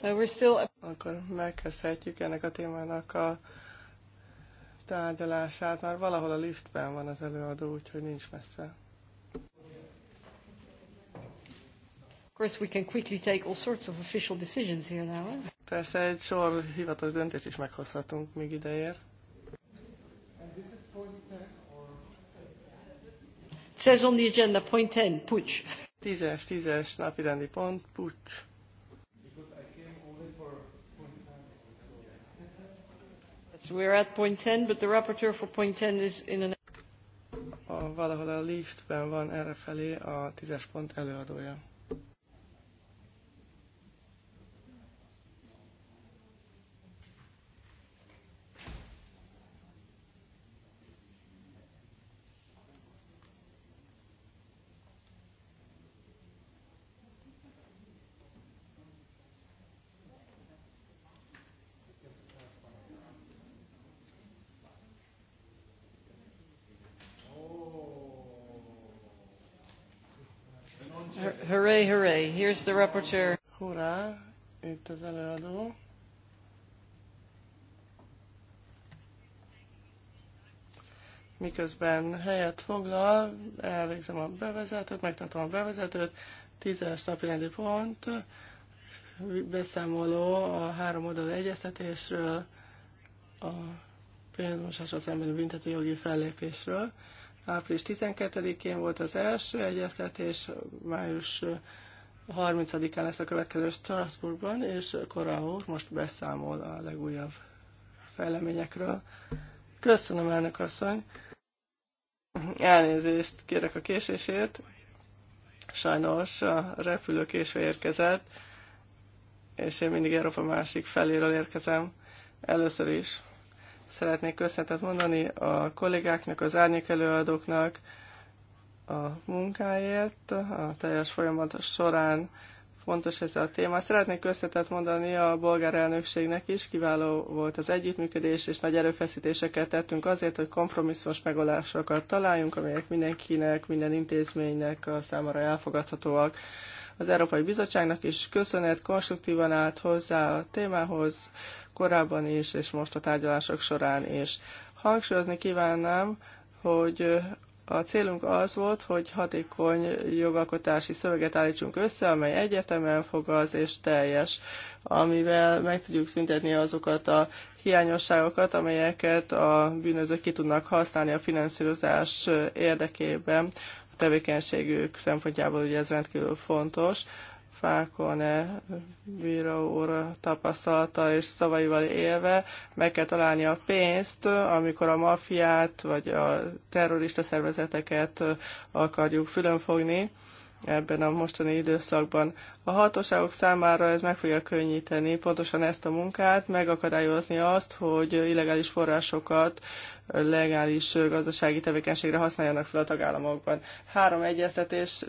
Speaker 1: But uh, we're still... Akkor megkezdhetjük ennek a témának a tárgyalását. Már valahol a liftben van az előadó, úgyhogy nincs messze. Of course we can quickly take all sorts of official decisions here now. Eh? Persze egy sor hivatalos döntést is meghozhatunk, még ideér. It says on the agenda, point 10, putsch. Tízes, tízes napirendi pont, pucs. We're at point 10, but the rapporteur for point 10 is in an... A, valahol a liftben van errefelé a tízes pont előadója.
Speaker 3: It's the rapporteur.
Speaker 1: Hurrá, itt az előadó. Miközben helyet foglal, elvégzem a bevezetőt, megtartom a bevezetőt, tízes napi rendi pont, beszámoló a három oldal egyeztetésről, a pénzmosásra szemben büntetőjogi fellépésről. Április 12-én volt az első egyeztetés, május 30-án lesz a következő Strasbourgban, és Kora most beszámol a legújabb fejleményekről. Köszönöm, elnök asszony! Elnézést kérek a késésért. Sajnos a repülő késve érkezett, és én mindig Európa másik feléről érkezem. Először is szeretnék köszönetet mondani a kollégáknak, az árnyék előadóknak, a munkáért. A teljes folyamat során fontos ez a téma. Szeretnék összetett mondani a bolgár elnökségnek is. Kiváló volt az együttműködés, és nagy erőfeszítéseket tettünk azért, hogy kompromisszumos megoldásokat találjunk, amelyek mindenkinek, minden intézménynek a számára elfogadhatóak. Az Európai Bizottságnak is köszönet, konstruktívan állt hozzá a témához korábban is, és most a tárgyalások során is. Hangsúlyozni kívánnám, hogy a célunk az volt, hogy hatékony jogalkotási szöveget állítsunk össze, amely egyetemen fogaz és teljes, amivel meg tudjuk szüntetni azokat a hiányosságokat, amelyeket a bűnözők ki tudnak használni a finanszírozás érdekében. A tevékenységük szempontjából ugye ez rendkívül fontos. Falcone bíró úr tapasztalata és szavaival élve meg kell találni a pénzt, amikor a mafiát vagy a terrorista szervezeteket akarjuk fülönfogni, ebben a mostani időszakban. A hatóságok számára ez meg fogja könnyíteni pontosan ezt a munkát, megakadályozni azt, hogy illegális forrásokat legális gazdasági tevékenységre használjanak fel a tagállamokban. Három egyeztetés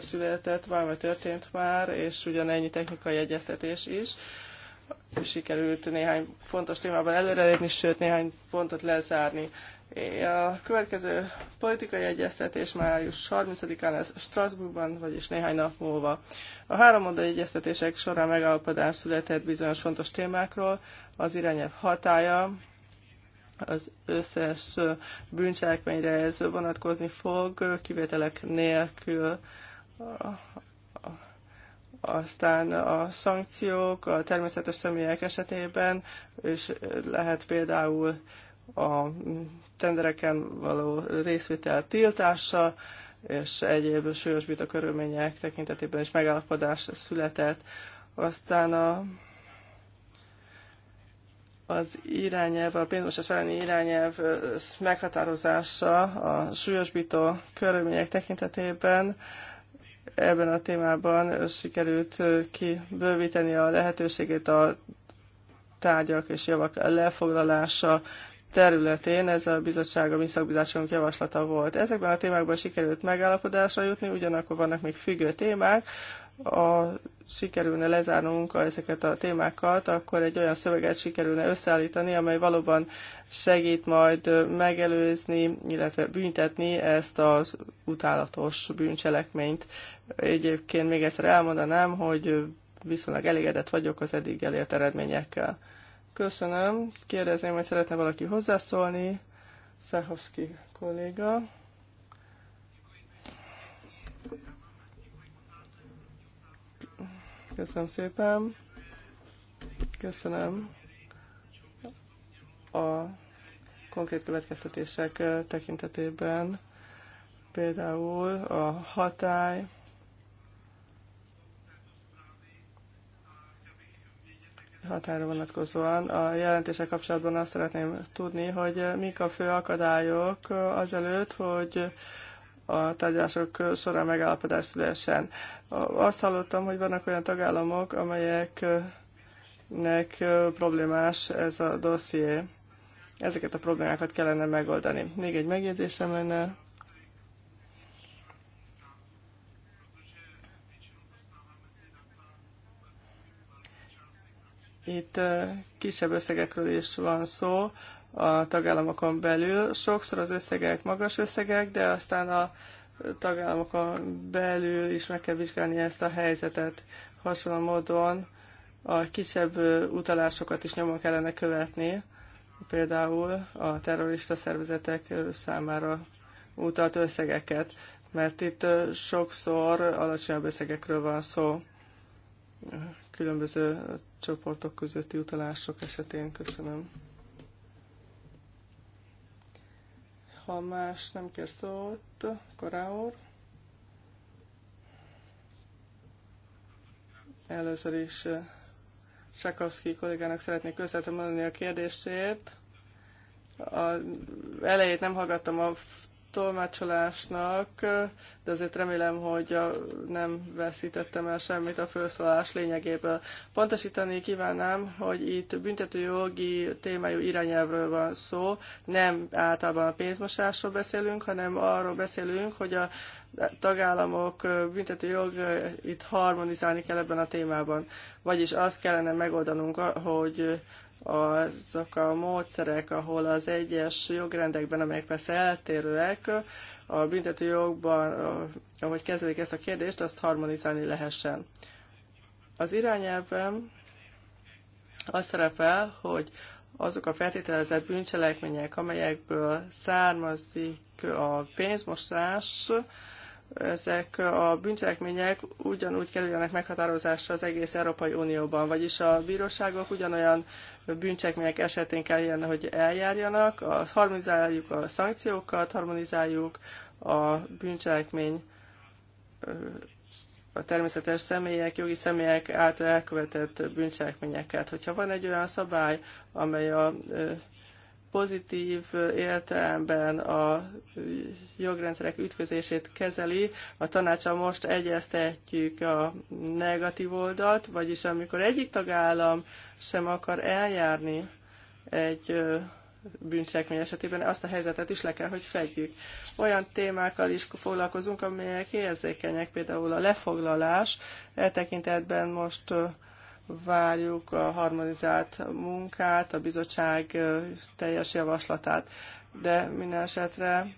Speaker 1: született, valami történt már, és ugyanennyi technikai egyeztetés is sikerült néhány fontos témában előrelépni, sőt néhány pontot lezárni. A következő politikai egyeztetés május 30-án lesz Strasbourgban, vagyis néhány nap múlva. A három oldali egyeztetések során megállapodás született bizonyos fontos témákról, az irányelv hatája, az összes bűncselekményre ez vonatkozni fog, kivételek nélkül aztán a szankciók a természetes személyek esetében, és lehet például a tendereken való részvétel tiltása és egyéb súlyos a körülmények tekintetében is megállapodás született. Aztán a, az irányelv, a pénzmosás elleni irányelv meghatározása a súlyosbító körülmények tekintetében ebben a témában sikerült kibővíteni a lehetőségét a tárgyak és javak lefoglalása területén ez a bizottság, a mi javaslata volt. Ezekben a témákban sikerült megállapodásra jutni, ugyanakkor vannak még függő témák, a, sikerülne lezárnunk ezeket a témákat, akkor egy olyan szöveget sikerülne összeállítani, amely valóban segít majd megelőzni, illetve büntetni ezt az utálatos bűncselekményt. Egyébként még egyszer elmondanám, hogy viszonylag elégedett vagyok az eddig elért eredményekkel. Köszönöm. Kérdezném, hogy szeretne valaki hozzászólni. Szahovszki kolléga. Köszönöm szépen. Köszönöm. A konkrét következtetések tekintetében például a hatály, határa vonatkozóan. A jelentése kapcsolatban azt szeretném tudni, hogy mik a fő akadályok azelőtt, hogy a tárgyalások során megállapodás szülessen. Azt hallottam, hogy vannak olyan tagállamok, amelyeknek problémás ez a dosszié. Ezeket a problémákat kellene megoldani. Még egy megjegyzésem lenne Itt kisebb összegekről is van szó a tagállamokon belül. Sokszor az összegek magas összegek, de aztán a tagállamokon belül is meg kell vizsgálni ezt a helyzetet. Hasonló módon a kisebb utalásokat is nyomon kellene követni, például a terrorista szervezetek számára utalt összegeket, mert itt sokszor alacsonyabb összegekről van szó különböző csoportok közötti utalások esetén. Köszönöm. Ha más nem kér szót, Koráor. Először is eh, Sakovszki kollégának szeretnék köszönetem mondani a kérdésért. A elejét nem hallgattam a tolmácsolásnak, de azért remélem, hogy nem veszítettem el semmit a felszólás lényegéből. Pontosítani kívánnám, hogy itt büntetőjogi témájú irányelvről van szó, nem általában a pénzmosásról beszélünk, hanem arról beszélünk, hogy a tagállamok büntetőjog itt harmonizálni kell ebben a témában. Vagyis azt kellene megoldanunk, hogy azok a módszerek, ahol az egyes jogrendekben, amelyek persze eltérőek, a jogban, ahogy kezelik ezt a kérdést, azt harmonizálni lehessen. Az irányelvben az szerepel, hogy azok a feltételezett bűncselekmények, amelyekből származik a pénzmosás, ezek a bűncselekmények ugyanúgy kerüljenek meghatározásra az egész Európai Unióban, vagyis a bíróságok ugyanolyan bűncselekmények esetén kelljen, hogy eljárjanak, a harmonizáljuk a szankciókat, harmonizáljuk a bűncselekmény a természetes személyek, jogi személyek által elkövetett bűncselekményeket. Hogyha van egy olyan szabály, amely a pozitív értelemben a jogrendszerek ütközését kezeli. A tanácsa most egyeztetjük a negatív oldalt, vagyis amikor egyik tagállam sem akar eljárni egy bűncselekmény esetében azt a helyzetet is le kell, hogy fedjük. Olyan témákkal is foglalkozunk, amelyek érzékenyek, például a lefoglalás. E tekintetben most várjuk a harmonizált munkát, a bizottság teljes javaslatát. De minden esetre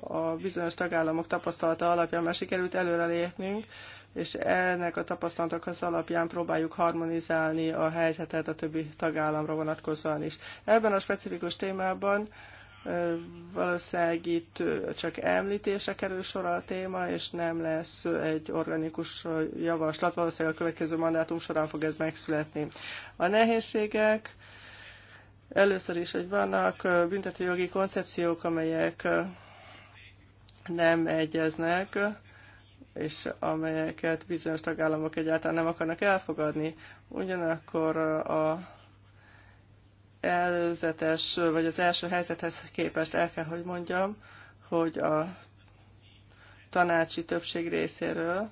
Speaker 1: a bizonyos tagállamok tapasztalata alapján már sikerült előrelépnünk, és ennek a tapasztalatok az alapján próbáljuk harmonizálni a helyzetet a többi tagállamra vonatkozóan is. Ebben a specifikus témában Valószínűleg itt csak említése kerül sor a téma, és nem lesz egy organikus javaslat. Valószínűleg a következő mandátum során fog ez megszületni. A nehézségek először is, hogy vannak büntetőjogi koncepciók, amelyek nem egyeznek, és amelyeket bizonyos tagállamok egyáltalán nem akarnak elfogadni. Ugyanakkor a előzetes, vagy az első helyzethez képest el kell, hogy mondjam, hogy a tanácsi többség részéről,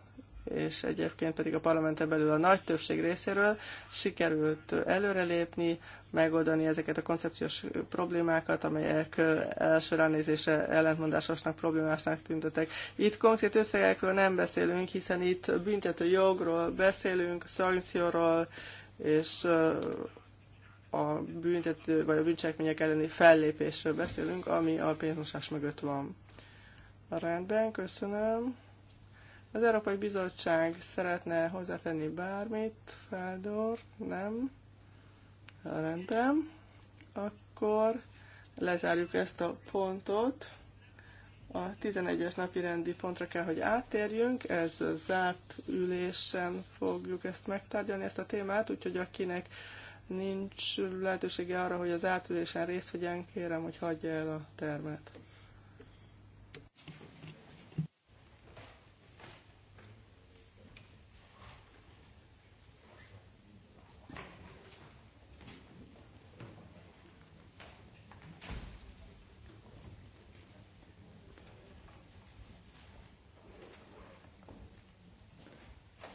Speaker 1: és egyébként pedig a parlamenten belül a nagy többség részéről sikerült előrelépni, megoldani ezeket a koncepciós problémákat, amelyek első ránézése ellentmondásosnak, problémásnak tűntetek. Itt konkrét összegekről nem beszélünk, hiszen itt büntető jogról beszélünk, szankcióról, és a büntető vagy a bűncselekmények elleni fellépésről beszélünk, ami a pénzmosás mögött van. A rendben, köszönöm. Az Európai Bizottság szeretne hozzátenni bármit, Feldor, nem? A rendben. Akkor lezárjuk ezt a pontot. A 11-es napi rendi pontra kell, hogy áttérjünk. Ez zárt ülésen fogjuk ezt megtárgyalni, ezt a témát, úgyhogy akinek nincs lehetősége arra, hogy az átülésen részt vegyen, kérem, hogy hagyja el a termet.